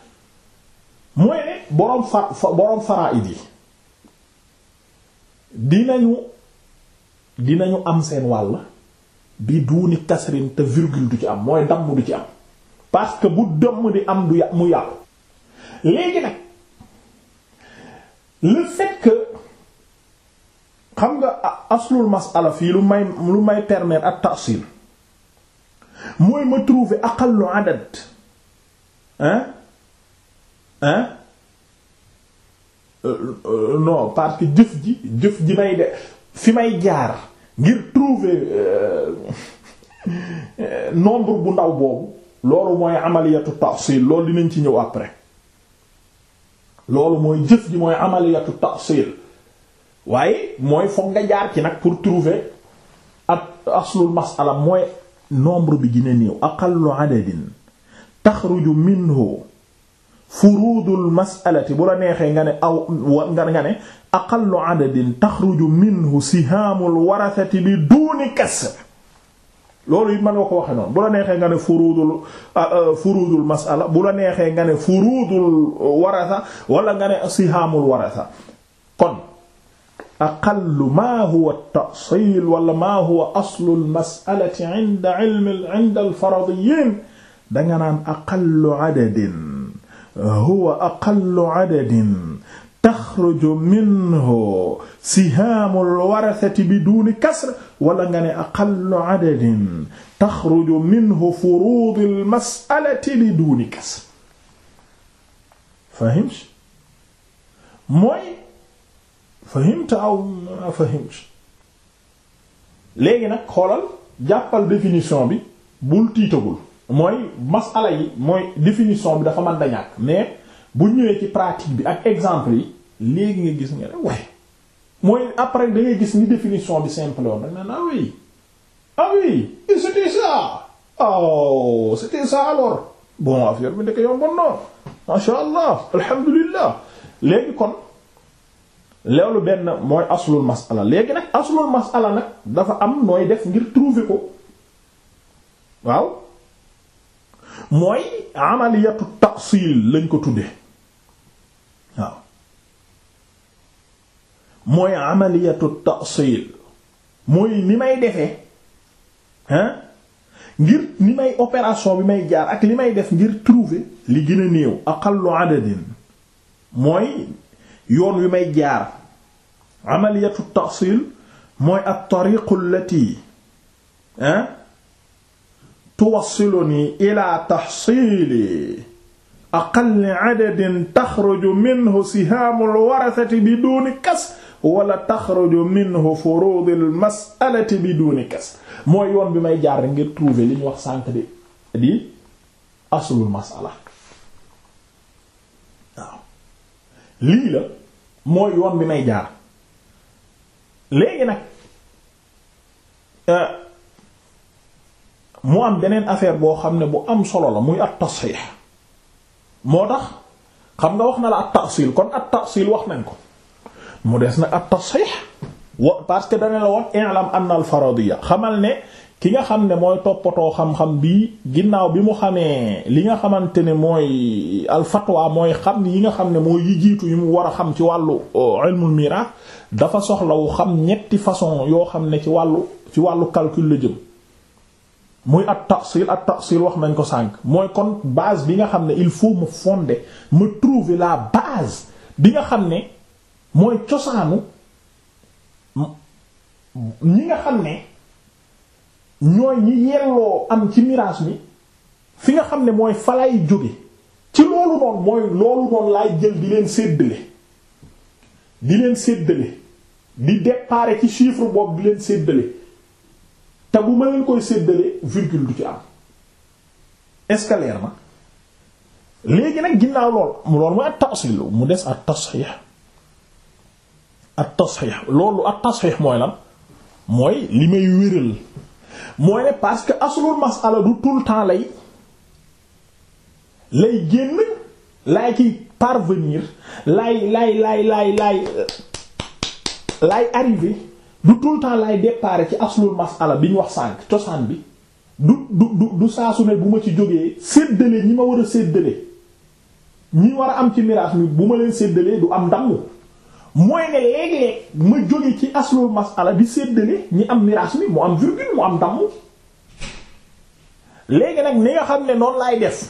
mooy ne boroom fa boroom faraid yi dinañu dinañu am seen wàll di duuni kasrin te virgule du ci am mooy damm du ci am parce que bu dëmm di am du mu yàqu léegi nag le xam nga aslul masala fii lu may lu may permettre ak tafsil mooy ma trouver aqallu adad hein hein euh, euh, non parce que jëf ji jëf ji may de fi may jaar ngir trouver euh, nombre bu ndaw boobu loolu mooy amaliyatu tafsil loolu dinañ ci ñëw après loolu mooy jëf ji mooy amaliyatu tafsil waaye mooy foog nga jaar ci nag pour trouver ak aslul masala mooy nombre bi gën niiw néew aqallu adadin taxruju minhu furudul masalati bu la neexee nga ne aw a nga ne aqallu adadin taxruju minhu sihaamul warasati bi duuni kasr loolu bu la neexee nga ne furudul ah, ah, furudul masala bu la neexee nga ne furudul warasa wala nga ne sihaamul aqallu maa huwa at-ta'sil wala maa huwa aslu al-mas'alati 'inda 'ilmi 'inda al-faradiyyin danga naan aqallu 'adadin huwa aqallu 'adadin taxruju minhu sihaamu al-warasati biduuni kasr wala nga ne aqallu 'adadin taxruju minhu furuud al-mas'alati biduuni kasr fahim mooy fahimta aw ma fahimta léegi nag xoolal jàppal définition bi bul tiitagul mooy masala yi mooy définition bi dafa man da mais bu ñëwee ci pratique bi ak exemple yi léegi nga gis nga ne waaye mooy après da gis ni définition bi simple woon rek naan ah oui ah oui c'était ça oh c'était ça alors bon affaire bi ndekk yomboon noonu masha allah alhamdulillah léegi kon loolu benn mooy aslul masala léegi nag aslul masala nag dafa am nooy def ngir trouver ko waaw mooy amaliyatu tafsil lañ ko tudde waaw mooy amaliyatu tafsil mooy ni may defee hein ngir ni may opération bi may jaar ak li may def ngir trouver li gën a néew aqallu adadin mooy yoon wi may jaar amaliyatu tahsil mooy at-tariqu allati hein tuwassiluni ila tahsili aqalli adadin taxruju minhu sihaamul warasati bi duuni kas wala taxruju minhu furuudul masalati bi duuni kas bi may jaar ngir trouver li ñu wax sànq di di aslul masala lii la mooy yoon bi may jaar léegi nag euh, mu am beneen affaire boo xam ne bu am solo la muy at tasxiix moo tax xam nga wax na la at taasiil kon at taasiil wax nañ ko mu des nag at tasxiix parce que dana la woon an anna al faradiya xamal ne ki nga xam ne mooy toppatoo xam-xam bi ginnaaw bi mu xamee li nga xamante ne mooy al fatwa mooy xam yi nga xam ne mooy yi jiitu yi mu war a xam ci wàllu euh, ilmul dafa soxlawu xam ñetti façon yoo xam ne ci wàllu ci wàllu calcul la jëm muy at tahsil at tahsil wax nañ ko sànq mooy kon base bi nga xam ne il faut me fonde me trouver la base bi nga xam ne mooy cosaanu ñi nga xam ne ñooy ñi yelloo am ci miraas mi fi nga xam ne mooy falay jóge ci loolu noonu mooy loolu noonu laay jël di leen séddale di leen séddale di déparé ci chiffre boobu di leen séddale te bu ma leen koy séddale virgule du ci am est na léegi nag ginnaaw lool loolu mooy at-tafsil mu des at-tashih at-tashih loolu at-tashih mooy lan mooy li may wéral mooy ne parce que aslul masala du tout le temps lay lay génn laay ci parvenir lay lay lay lay lay euh, laay arrivé du tout le temps laay départ ci aslul masala bi ñu wax sànq cosaan bi du du du du ne bu ma ci jógee séddale ñi ma war a séddale ñi war a am ci miraas mi bu ma leen séddalee du am ndam mooy ne léeg-léeg ma jóge ci aslul masala di séddale ñi am miraas mi mu am virgule mu am damm léegi nag ni nga xam ne noonu laay def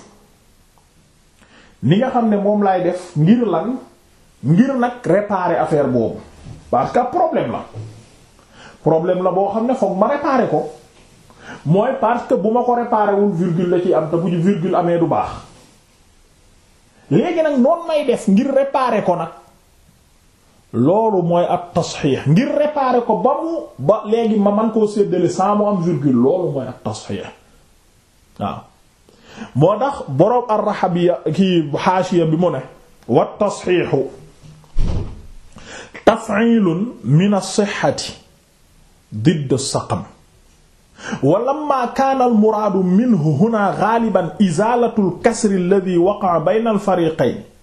ni nga xam ne moom laay def ngir lan ngir nag réparer affaire boobu parce que problème la problème la boo xam ne foog ma réparer ko mooy parce que bu ma ko réparer wul la ci am te bu ñu virgule amee du baax léegi nag noonu may def ngir réparer ko nag loolu mooy ab tasxiix ngir réparer ko ba mu ba ma man koo séddale sans mu am virgule loolu mooy ab tasxiix waaw moo tax boroom arraxabiya ki xaashiya bi mu ne wa tasxiixu taf'ilun min as-sihhati didd as-saqam wa lamma kaana al-muraadu minhu huna gaaliban izaalatu al-kasri alladhi waqa'a bayna al-fariqayn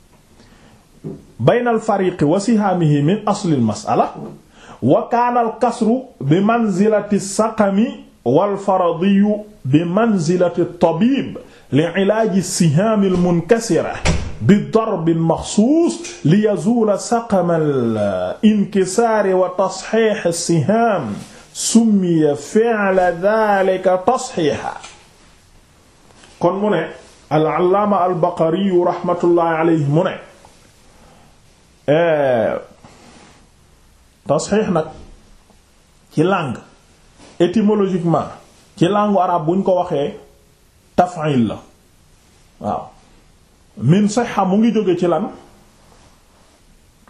bayna alfariqi wa sihaamihi min asli almasala wa kaana alkasru bi manzilati saqami walfaradiyu bi manzilati tabib li ilaaji sihaami almunkasira bi darbin maxsuus li yazuula saqamal inkisaari wa tasxiix sihaam summiya fi'la daalika tasxiixa kon mu ne al allaama albaqariyu rahmatullahi alayhi mu ne tasxiix euh, nag ci langue étymologiquement ci langue arabe buñ ko waxee taf'il la waaw min sihha mu ngi jóge ci lan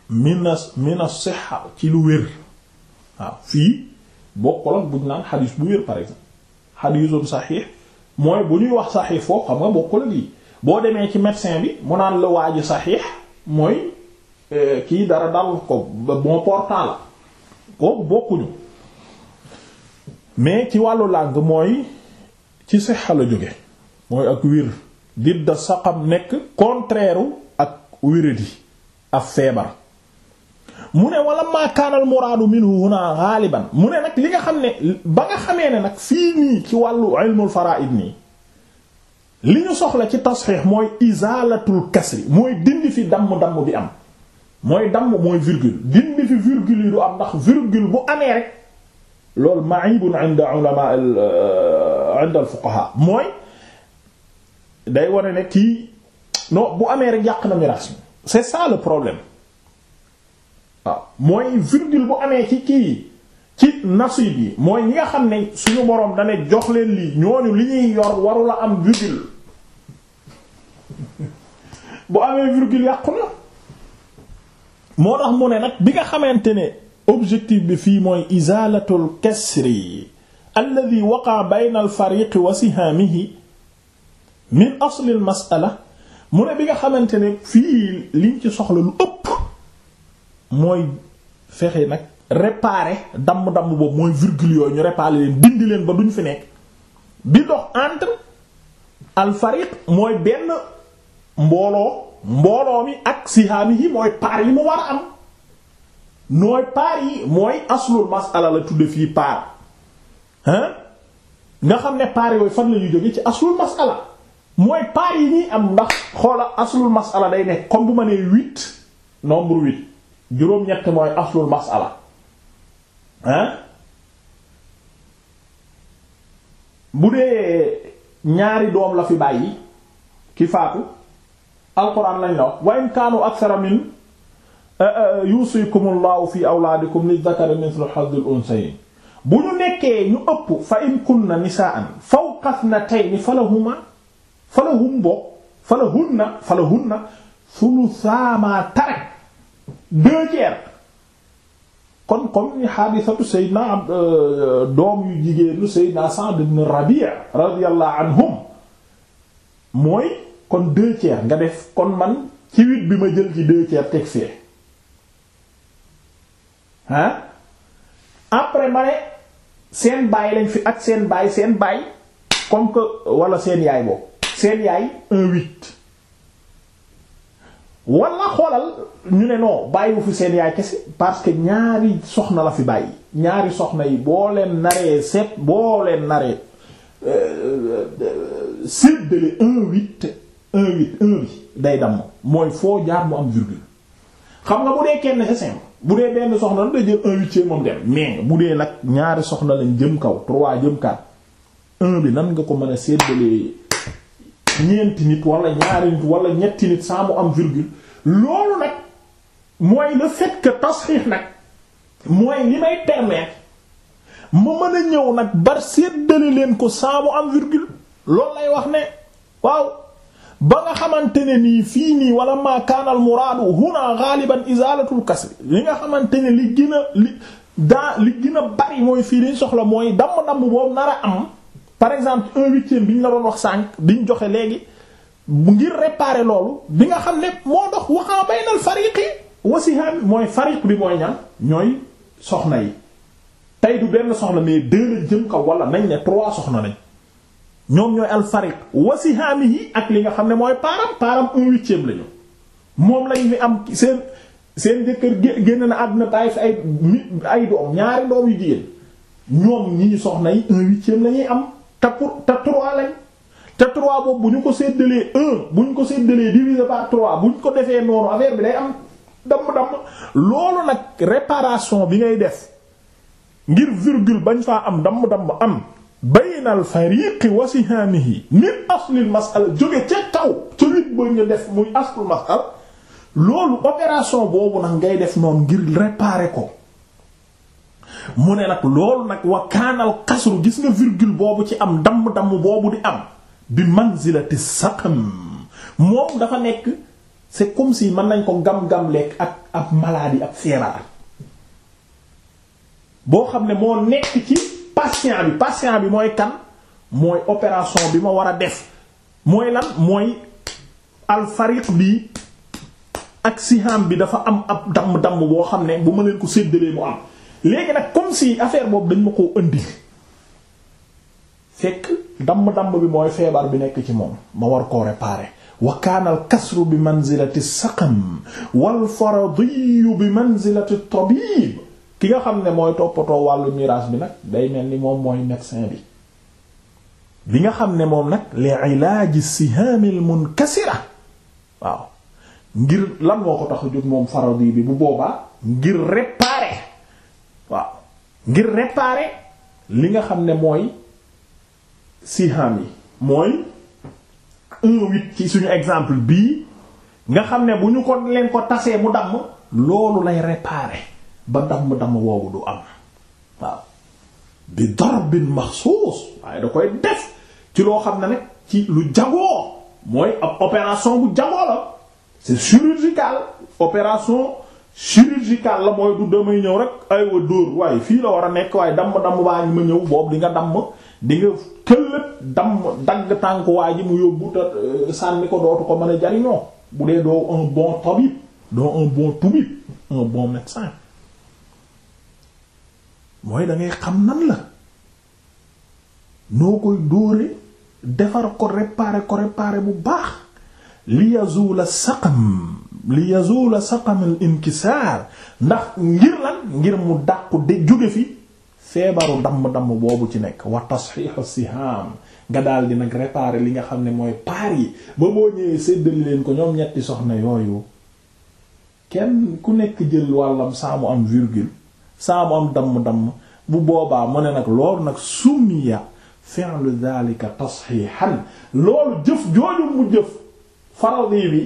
mina mina sihha ci lu wér waaw fii bokkul ak buñ naan xadiis bu wér par exemple xadiisun saxiix mooy bu ñuy wax saxiix foofu xam nga bokkul lii boo demee ci médecin bi mu naan la waaji saxiix mooy Euh, kii dara dal ko ba bon portant la kooku bokkuñu mais ci wàllu làng mooy ci sixa la jóge mooy ak wir dit da saqam nekk contraire ak wéradi ak feebar mu ne wala maakaanal muraadu minhu huna xaaliban mu ne nag li nga xam ne ba nga xamee ne nag fii nii ci wàllu ilmul faraid nii li ñu soxla ci tasxiix mooy isalatul kasri mooy dindi fi damm-damm bi am mooy damm mooy virgule dindi fi virgule yi du am ndax virgule bu amee rek loolu ma'ibun 'inda ulama euh, 'inda al day wane ne kii bu amee rek yàq na miraas mi c'est ça le problème waaw ah, mooy virgule bu amee ci kii ci nasib yi mooy ñi nga xam ne suñu boroom dane jox leen lii ñooñu li ñuy yor warula am virgule bu amee virgule yàqu na moo tax mu ne nag bi nga xamante ne objectif bi fii mooy izalatul kasri alladhi waqa bayna al fariqi wa sihamihi min asli al mas'ala mu ne bi nga xamante ne fii liñ ci soxla lu ëpp mooy fexe nag réparer damm-damm boobu mooy virgule yooyu ñu réparer leen dindi leen ba duñu fi nekk bi dox entre al mooy benn mbooloo mbooloo mi ak sihaami yi mooy paar yi mu war am nooy paar yi mooy aslul masala la tudde fii paar hein nga xam ne paar yooyu fan la ñuy ci aslul masala mooy paar yi ñuy am ndax xoola aslul masala day nekk comme bu ma nee huit nombre huit juróom-ñett mooy aslul masala hein bu dee ñaari doom la fi bàyyi ki faatu alquran lañ la wax wa in kaanu aksara min yusikumullahu fi awlaadikum lizzakari mithlu hazzil unsayayn bu ñu nekkee ñu ëpp fa in kunna nisaan fawqa ithnatayni falahuma falahum bo falahunna falahunna thulutha ma tarak deux tiers kon comme ni xaadisatu sayyidina euh, doom yu jigéenu sayyidina Sa'd ibn Rabi' radiyallahu anhum mooy kon deux tiers nga def kon man ci huit bi ma jël ci deux teg fee ah après ma ne seen baay lañ fi ak seen baay seen baay comme que wala seen yaay boobu seen yaay un huit wala xoolal ñu ne non bàyyiwu fi seen yaay kese parce que ñaari soxna la fi bàyyi ñaari soxna yi boo leen naree seet boo leen naree euh, euh, euh, séddale un huit un huit un bi day damm mooy foo jaar mu am virgule xam nga bu dee kenn c'est bu dee benn soxna la day jël un huitième moom dem mais bu dee nag ñaari soxna lañ jëm kaw trois jëm quatre un bi nan nga ko mën a séddalee ñeenti nit wala wala ñetti nit am virgule loolu nag mooy le fait que tasxiix nag mooy li may permettre ma mën a ñëw nag bar séddale leen ko saa am virgule loolu lay wax ne waaw. ba nga xamante ne nii fii nii wala ma kaanal muraadu huna ghaliban izalatul kasri li nga xamante ne li gën li daa li gën a bari mooy fii liñ soxla mooy damm-damm boobu nar a am par exemple un huitième bi ñu la doon wax sànq biñ joxe léegi ngir réparer loolu bi nga xam ne moo dox waxaa baynal fariqi wasihaami mooy fariq bi mooy ñan ñooy soxna yi tey du benn soxna mais deux la jëm kaw wala nañ ne trois soxna nañ ñoom ñooy alfariq wa sihaamihi ak li nga xam ne mooy paaram paaram un huitième lañu moom lañ mi am seen seen jëkkër génn na àdduna bàyyi ay ay doom ñaari doom yu jigéen ñoom ñi ñu soxna yi un huitième lañuy am te pour te trois lañ te trois boobu bu ñu ko séddalee un bu ko séddalee divisé par trois buñ ko defee noonu affaire bi day am damm-damm loolu nag réparation bi ngay def ngir virgule bañ faa am dam dam am bayna al fariqi wa sihamihi min aslil masala jóge ca kaw ca wit ba ñu def muy aslul masala loolu opération boobu nag ngay def noonu ngir réparer ko mu ne nag loolu nag wa kaanal xasru gis nga virgule boobu ci am damm-damm boobu di am bi manzilati saqam moom dafa nekk c'est comme si mën nañ ko gam-gam lekk ak ab maladie ab feebar boo xam ne moo nekk ci patient bi patient bi mooy kan mooy opération bi ma war a def mooy lan mooy alfariq bi ak siham bi dafa am ab dam damm boo xam ne bu ma leen ko séddalee mu am léegi nag comme si affaire boobu dañ ma koo indi fekk damm-damm bi mooy feebar bi nekk ci moom ma war koo réparer wa kasru bi manzilati saqam wal faradiyu bi manzilati tabib ki nga xam ne mooy toppatoo wàllu miraas bi nag day mel ni moom mooy médecin bi bi nga xam ne moom nag li ilaaji sihaamil munkasira waaw ngir lan moo ko tax a jóg moom faradi bi bu boobaa ngir réparer waaw ngir réparer li nga xam ne mooy sihaam yi mooy un huit ci suñu exemple bii nga xam ne bu ñu ko leen ko tasee mu damm loolu lay réparer ba dam damm woowu du am waaw bi darbin maxsuus waaye da koy def ci loo xam ne nag ci lu jagoo mooy ab bu jagoo la c'est chirurgical opération chirurgical la mooy du damay ñëw rek aywa dóor waaye fii la war a nekk waaye dam damm baa ngi ma ñëw boobu di nga damm di nga këllëg damm dagg tànkuwaay ji mu yóbbu te euh, sànni ko dootu ko mën a jariñoo bu dee doo un bon tabib doo un bon tabib un bon médecin mooy da xam nan la noo koy dóore defar ko réparer ko réparer bu baax li yazula saqam li yazula saqam al inkisaar ndax ngir lan ngir mu dàqu de jóge fi feebaru damm-damm boobu ci nekk wa tasxiixu siham nga daal di nag réparer li nga xam ne mooy paar yi ba boo ñëwee séddali leen ko ñoom ñetti soxna yooyu kenn ku nekk jël wàllam saa mu am virgule saa mu am dam damm bu boobaa mu ne nag loolu nag summiya fi'lu dhalika tasxiixan loolu jëf jooju mu jëf faradi bi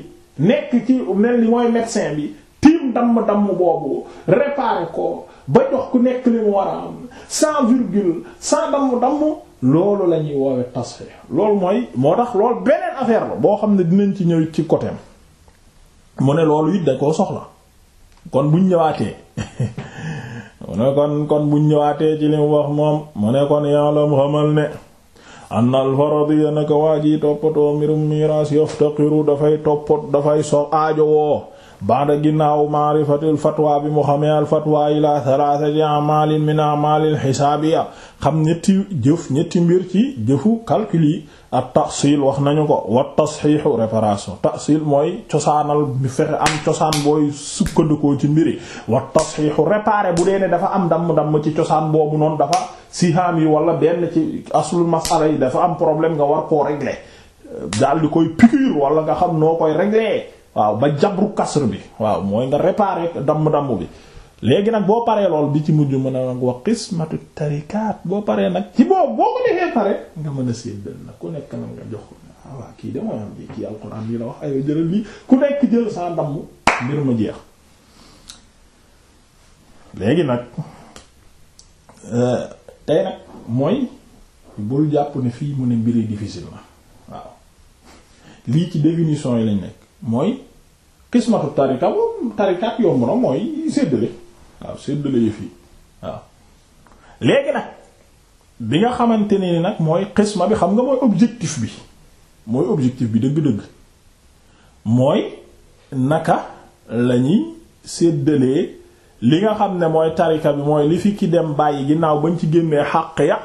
nekk ci mel ni mooy médecin bi tiim damm-damm boobu réparer ko ba jox ku nekk li mu war a virgule sans damm-damm loolu la ñuy woowe tasxiix loolu mooy moo tax loolu beneen affaire la boo xam ne dinañ ci ñëw ci côté mu ne loolu it da koo soxla kon buñ ñëwaatee mu ne kon kon buñ ñëwaatee ci li mu wax moom mu ne kon yaalam xamal ne anna alfaradiya naka waa ji toppatoo mbirum miraas yaftaqiru dafay toppat dafay so aajo woo baada ginnaaw maarifatul fatwa bi mu xamee al fatwa ila thalathati amalin min amalil xisaabiya xam ñetti jëf ñetti mbir ci jëfu calcul ak tahsil wax nañu ko wa tasxiixu réparation tahsil mooy cosaanal bi fexe am cosaan booy sukkandikoo ci mbiri wa tasxiixu réparé bu dee ne dafa am dam damm ci cosaan boobu noonu dafa sihaam yi wala benn ci aslul masala yi dafa am problème nga war koo régler dal di koy piqûre wala nga xam noo koy régler waaw ba jabru kasr bi waaw mooy nga réparer damm-damm bi léegi nag boo paree lool bi ci mujj mën a nag wax qismatu tarikaat boo paree nag ci boobu boo ko defee pare nga mën a séddal nag ku nekk nag nga ah, waaw kii dama am bi la wax aywa jëlal lii ku nekk jël saa ndamm mbir ma jeex léegi nag euh, tey nag mooy bul jàpp ne fii mu ne mbiri difficile waaw lii ci définition yi lañ nekk mooy xismatu tarika moom tarikaat yomb na mooy séddale waaw séddale yëf yi waaw léegi nag bi nga xamante ne nag mooy xisma bi xam nga mooy objectif bi mooy objectif bi dëgg-dëgg mooy naka lañuy séddalee li nga xam ne mooy tarika bi mooy li fi ki dem bàyyi ginnaaw bañ ci génnee xàq ya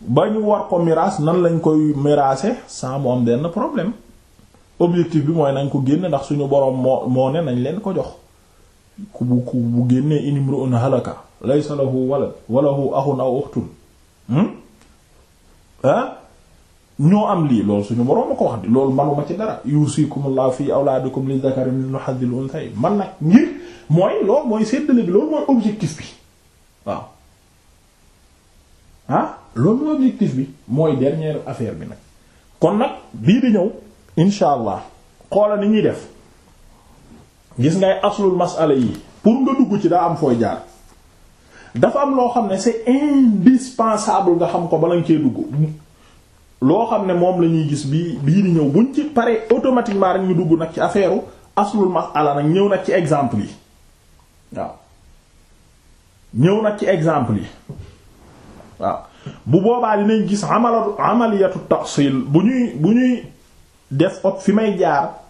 ba ñu war ko miraas nan lañ koy miraase sans moom denn problème objectif bi mooy nañ ko génn ndax suñu boroom moo moo ne nañ leen ko jox ku bu ku bu génnee inimru'un halaka laysa lahu walad walahu akhun aw ukhtun hmm? ah ñoo am lii loolu suñu boroom a ko wax di loolu manuma ci dara yusikumullahu fi awlaadikum li dhakari mithlu hazzil unthayayn man nag ngir mooy loolu mooy bi loolu mooy objectif bi waaw ah loolu mooy objectif bi mooy dernière affaire bi nag kon nag bii di ñëw insha allah xoola ni ñuy def gis ngay aslul masala yi pour nga dugg ci daa am fooy jaar dafa am loo xam ne c'est indispensable nga xam ko bala nga cee dugg loo xam ne moom la ñuy gis bii bii di ñëw buñ ci paree automatiquement rek ñu dugg nag ci affaire aslul masala nag ñëw nag ci exemple yi waaw ñëw nag ci exemple yi waaw bu boobaa dinañ gis amalatu amaliyatu tafsil bu ñuy bu ñuy def op fi may jaar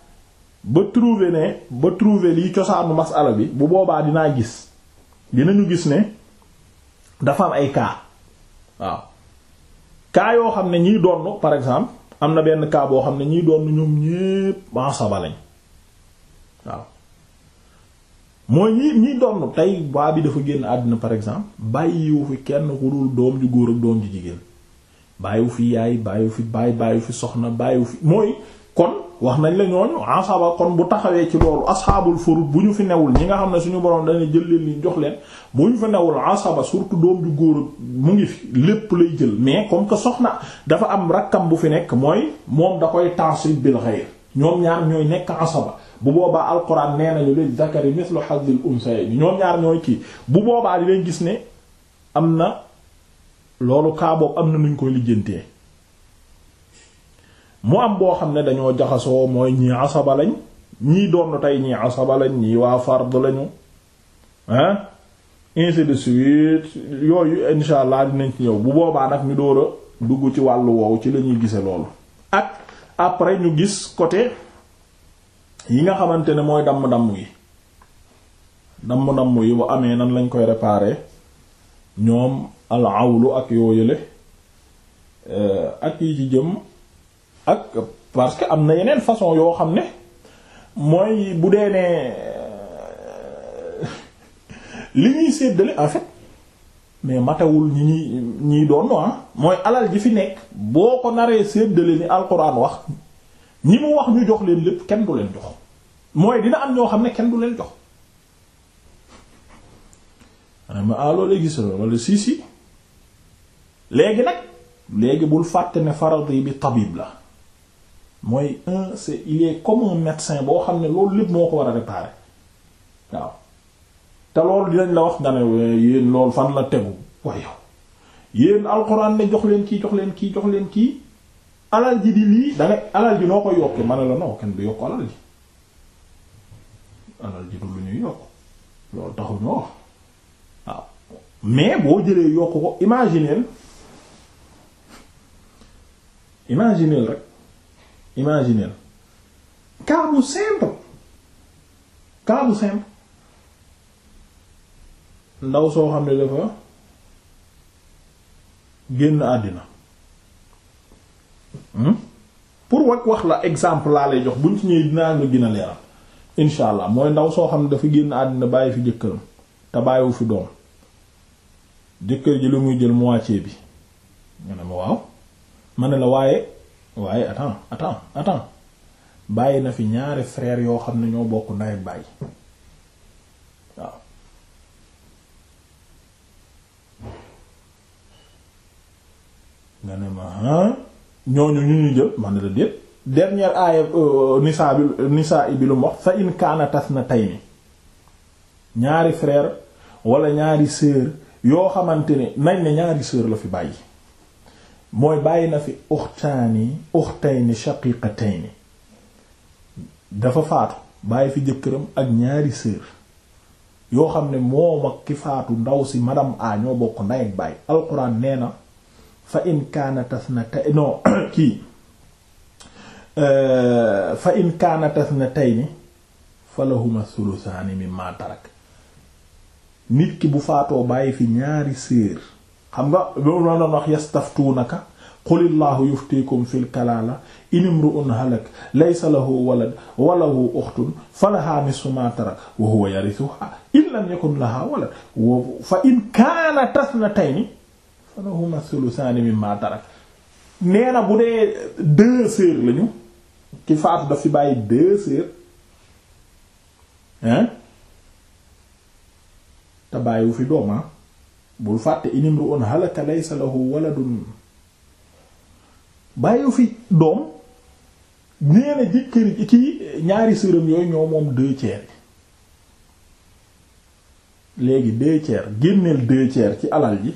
ba trouver ne ba trouver liy cosaanu masala bi bu boobaa dinaa gis dinañu gis ne dafa am ay kaa waaw cas yoo xam ne ñiy doon par exemple am na benn kaa boo xam ne ñiy doon ñoom ñépp asaba lañ waaw mooy ñi ñi doon tey baa bi dafa génn àddina par exemple bàyyiwu fi kenn ku doom ju góor ak doom ju jigéen bàyyiwu fi yaay bàyyiwu fi baay bàyyiwu fi soxna bàyyiwu fi mooy kon wax nañ la ñooñu asaba kon bu taxawee ci loolu asxaabul furud bu ñu fi newul ñi nga xam ne suñu borom dana jël leen li jox leen bu ñu fi newul asaba surtout doom ju góor mu ngi fi lépp lay jël mais comme que soxna dafa am rakkam bu fi nekk mooy moom da koy taasib bil ghayr ñoom ñaar ñooy nekk asaba bu boobaa alquran nee nañu li zakari mithlu hadhil unsayayni ñoom ñaar ñooy kii bu boobaa di leen gis ne am na loolu kaa am na nuñ koy lijjantee mu am boo xam ne dañoo jaxasoo mooy ñii asaba lañ ñii doon tey ñii asaba lañ ñii waa fard lañu hein ainsi de suite yooyu insha allah dinañ ci ñëw bu boobaa nag ñu door dugg ci wàll woowu ci la ñuy gise loolu ak après ñu gis côté yi nga xamante ne mooy damm-damm gi damm-damm yi bu amee nan lañ koy réparer ñoom al awlu ak yoo yële euh, ak yi ci jëm ak parce que am na yeneen façon yoo xam ne mooy bu dee ne euh, li ñuy séddale en fait mais matawul ñi ñi ñiy doon ah, mooy alal ji fi nekk boo ko naree séddale ni alxuraan wax ñi mu wax ñu jox leen lépp kenn du leen jox mooy dina am ñoo xam ne kenn du leen jox ah, ma aloolee ah, gis la wala si léegi nag léegi bul fàtte ne farad bi tabib la mooy c'est il est comme un médecin boo xam ne loolu lépp moo ko war a réparer waaw te loolu dinañ la wax nga ne yéen loolu fan la tegu waaye yow yéen alxuraan ne jox leen kii jox leen kii jox leen kii alal ji di lii da nga alal ji noo koy yokkee ma ne la non kenn du yokk alal ji alal ji du lu ñuy yokk loolu taxuñu wax waaw mais boo jëlee yokk ko imagineel imagineel rek. imaginez cas bu simple cas ndaw soo xam ne dafa génn àddina hmm? pour wax wax la exemple laa lay jox buñ ci ñëwee dinaa la gën a leeral allah mooy ndaw soo xam ne dafa génn àddina bàyyi fi jëkkëram te bàyyiwu fi doom jëkkër ji lu muy jël moitié bi nga waaw ma la waaye waaye attends attends attends bàyyi na fi ñaari frère yoo xam ne ñoo bokk ndey baay waaw nga ne ma ñooñu ñu ñu jël man la déet dernière aaya euh, nisaa bi nisaa bi wax fa in kaana tas na tey ni ñaari frère walla ñaari sœur yoo xamante ne nañ ne ñaari sœur la fi bàyyi mooy bàyyi na fi uxtaani uxtayni shaqiqatayni dafa faatu bàyyi fi jëkkëram ak ñaari sœur yoo xam ne moom ak ki faatu ndaw si madame a ñoo bokk ndey ak baay alquran nee na fa in kaanatas na tay non euh, fa in kaanatas na tay ni fa lahuma sulusaani mimma tarak nit ki bu faatoo bàyyi fi ñaari sœur xam nga loolu la doon wax yastaftuunaka qulillaahu yuftiikum fil kalaala in imru'un halak laysa lahu walad wa lahu ukhtun falahaa nisfu maa taraka wa huwa yarithuhaa in lam yakun lahaa walad fa in kaanat ithnatayni falahumaa thuluthaani mimmaa taraka nee na bu dee deux lañu ki daf fi bàyyi deux sœurs hein te bàyyiwu fi doom ah. bul fàtte inimru'un halaka laysa walla waladun bàyyi fi doom nee na jëkkër ci ñaari sërëm yooyu ñoo moom deux tiers léegi deux tiers génneel deux tiers ci alal ji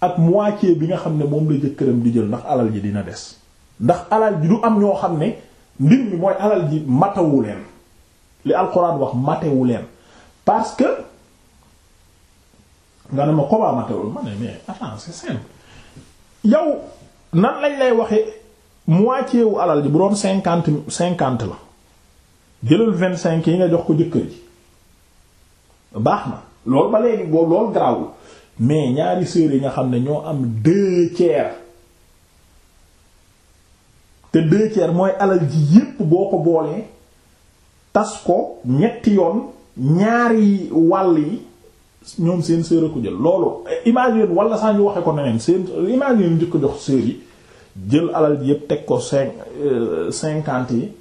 ak moitié bi nga xam ne moom la jëkkëram di jël ndax alal ji dina des ndax alal ji du am ñoo xam ne mbir mi mooy alal ji matawu leen li alxuraan wax matewu leen parce nga ne ma Koba matawul ma mais attends c'est yow nan lañ lay waxe moitié wu alal ji bu doon cinquante cinquante la jëlal vingt cinq yi nga jox ko jëkkër ji baax na loolu ba léegi boobu loolu garaawul mais ñaari sœurs yi nga xam ne ñoo am deux tiers te deux mooy alal ji yépp boo ko boolee tas ko ñetti yoon ñaari wàll yi. ñoom seen sœur ko jël loolu imagine wala saa ñu waxee ko neneen seen imagine njëkk ko jox sœur yi jël alal ji yëpp teg ko cinq euh, cinquante yi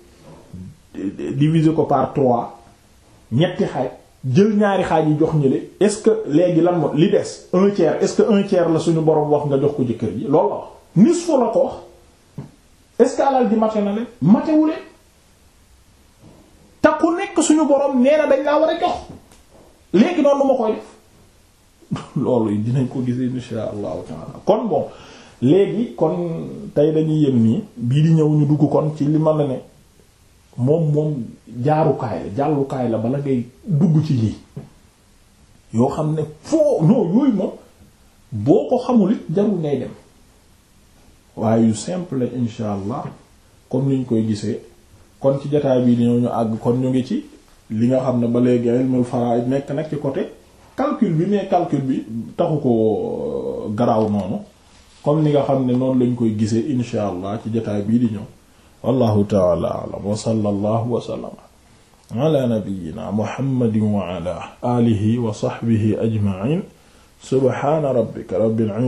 diviser ko par trois ñetti xaaj jël ñaari xaaj yi jox ñële est-ce que léegi lan mo li des un tiers est-ce que un tiers la suñu borom wax nga jox ko jëkkër ji loolu la wax nisfu ko wax est-ce que alal ji mate na leen matewule te ku nekk suñu borom nee na dañ laa war a jox léegi noonu ma koy loolu yi dinañ ko gis insha allahu taala kon bon léegi kon tey dañuy yem nii bii di ñëw ñu dugg kon ci li ma ne moom moom jaarukaay la jàllukaay la bala ngay dugg ci lii yoo xam ne foo non yooyu moom boo ko xamul it jarul ngay dem waaye yu simple insha allah comme niñ koy gisee kon ci jotaay bii di ñëw ñu àgg kon ñu ngi ci li nga xam ne ba léegi ilmul faraid nekk nag ci côté calcul bi mais calcul bi taxu ko euh, garaaw noonu comme ni nga xam ne noonu lañ koy gisee insha allah ci jotaay bii di ñëw wallahu taala alam wa sallallahu wa sallama ala nabiyyina muhammadin wa ala alihi wa sahbihi ajma'in subhana rabbika rabbil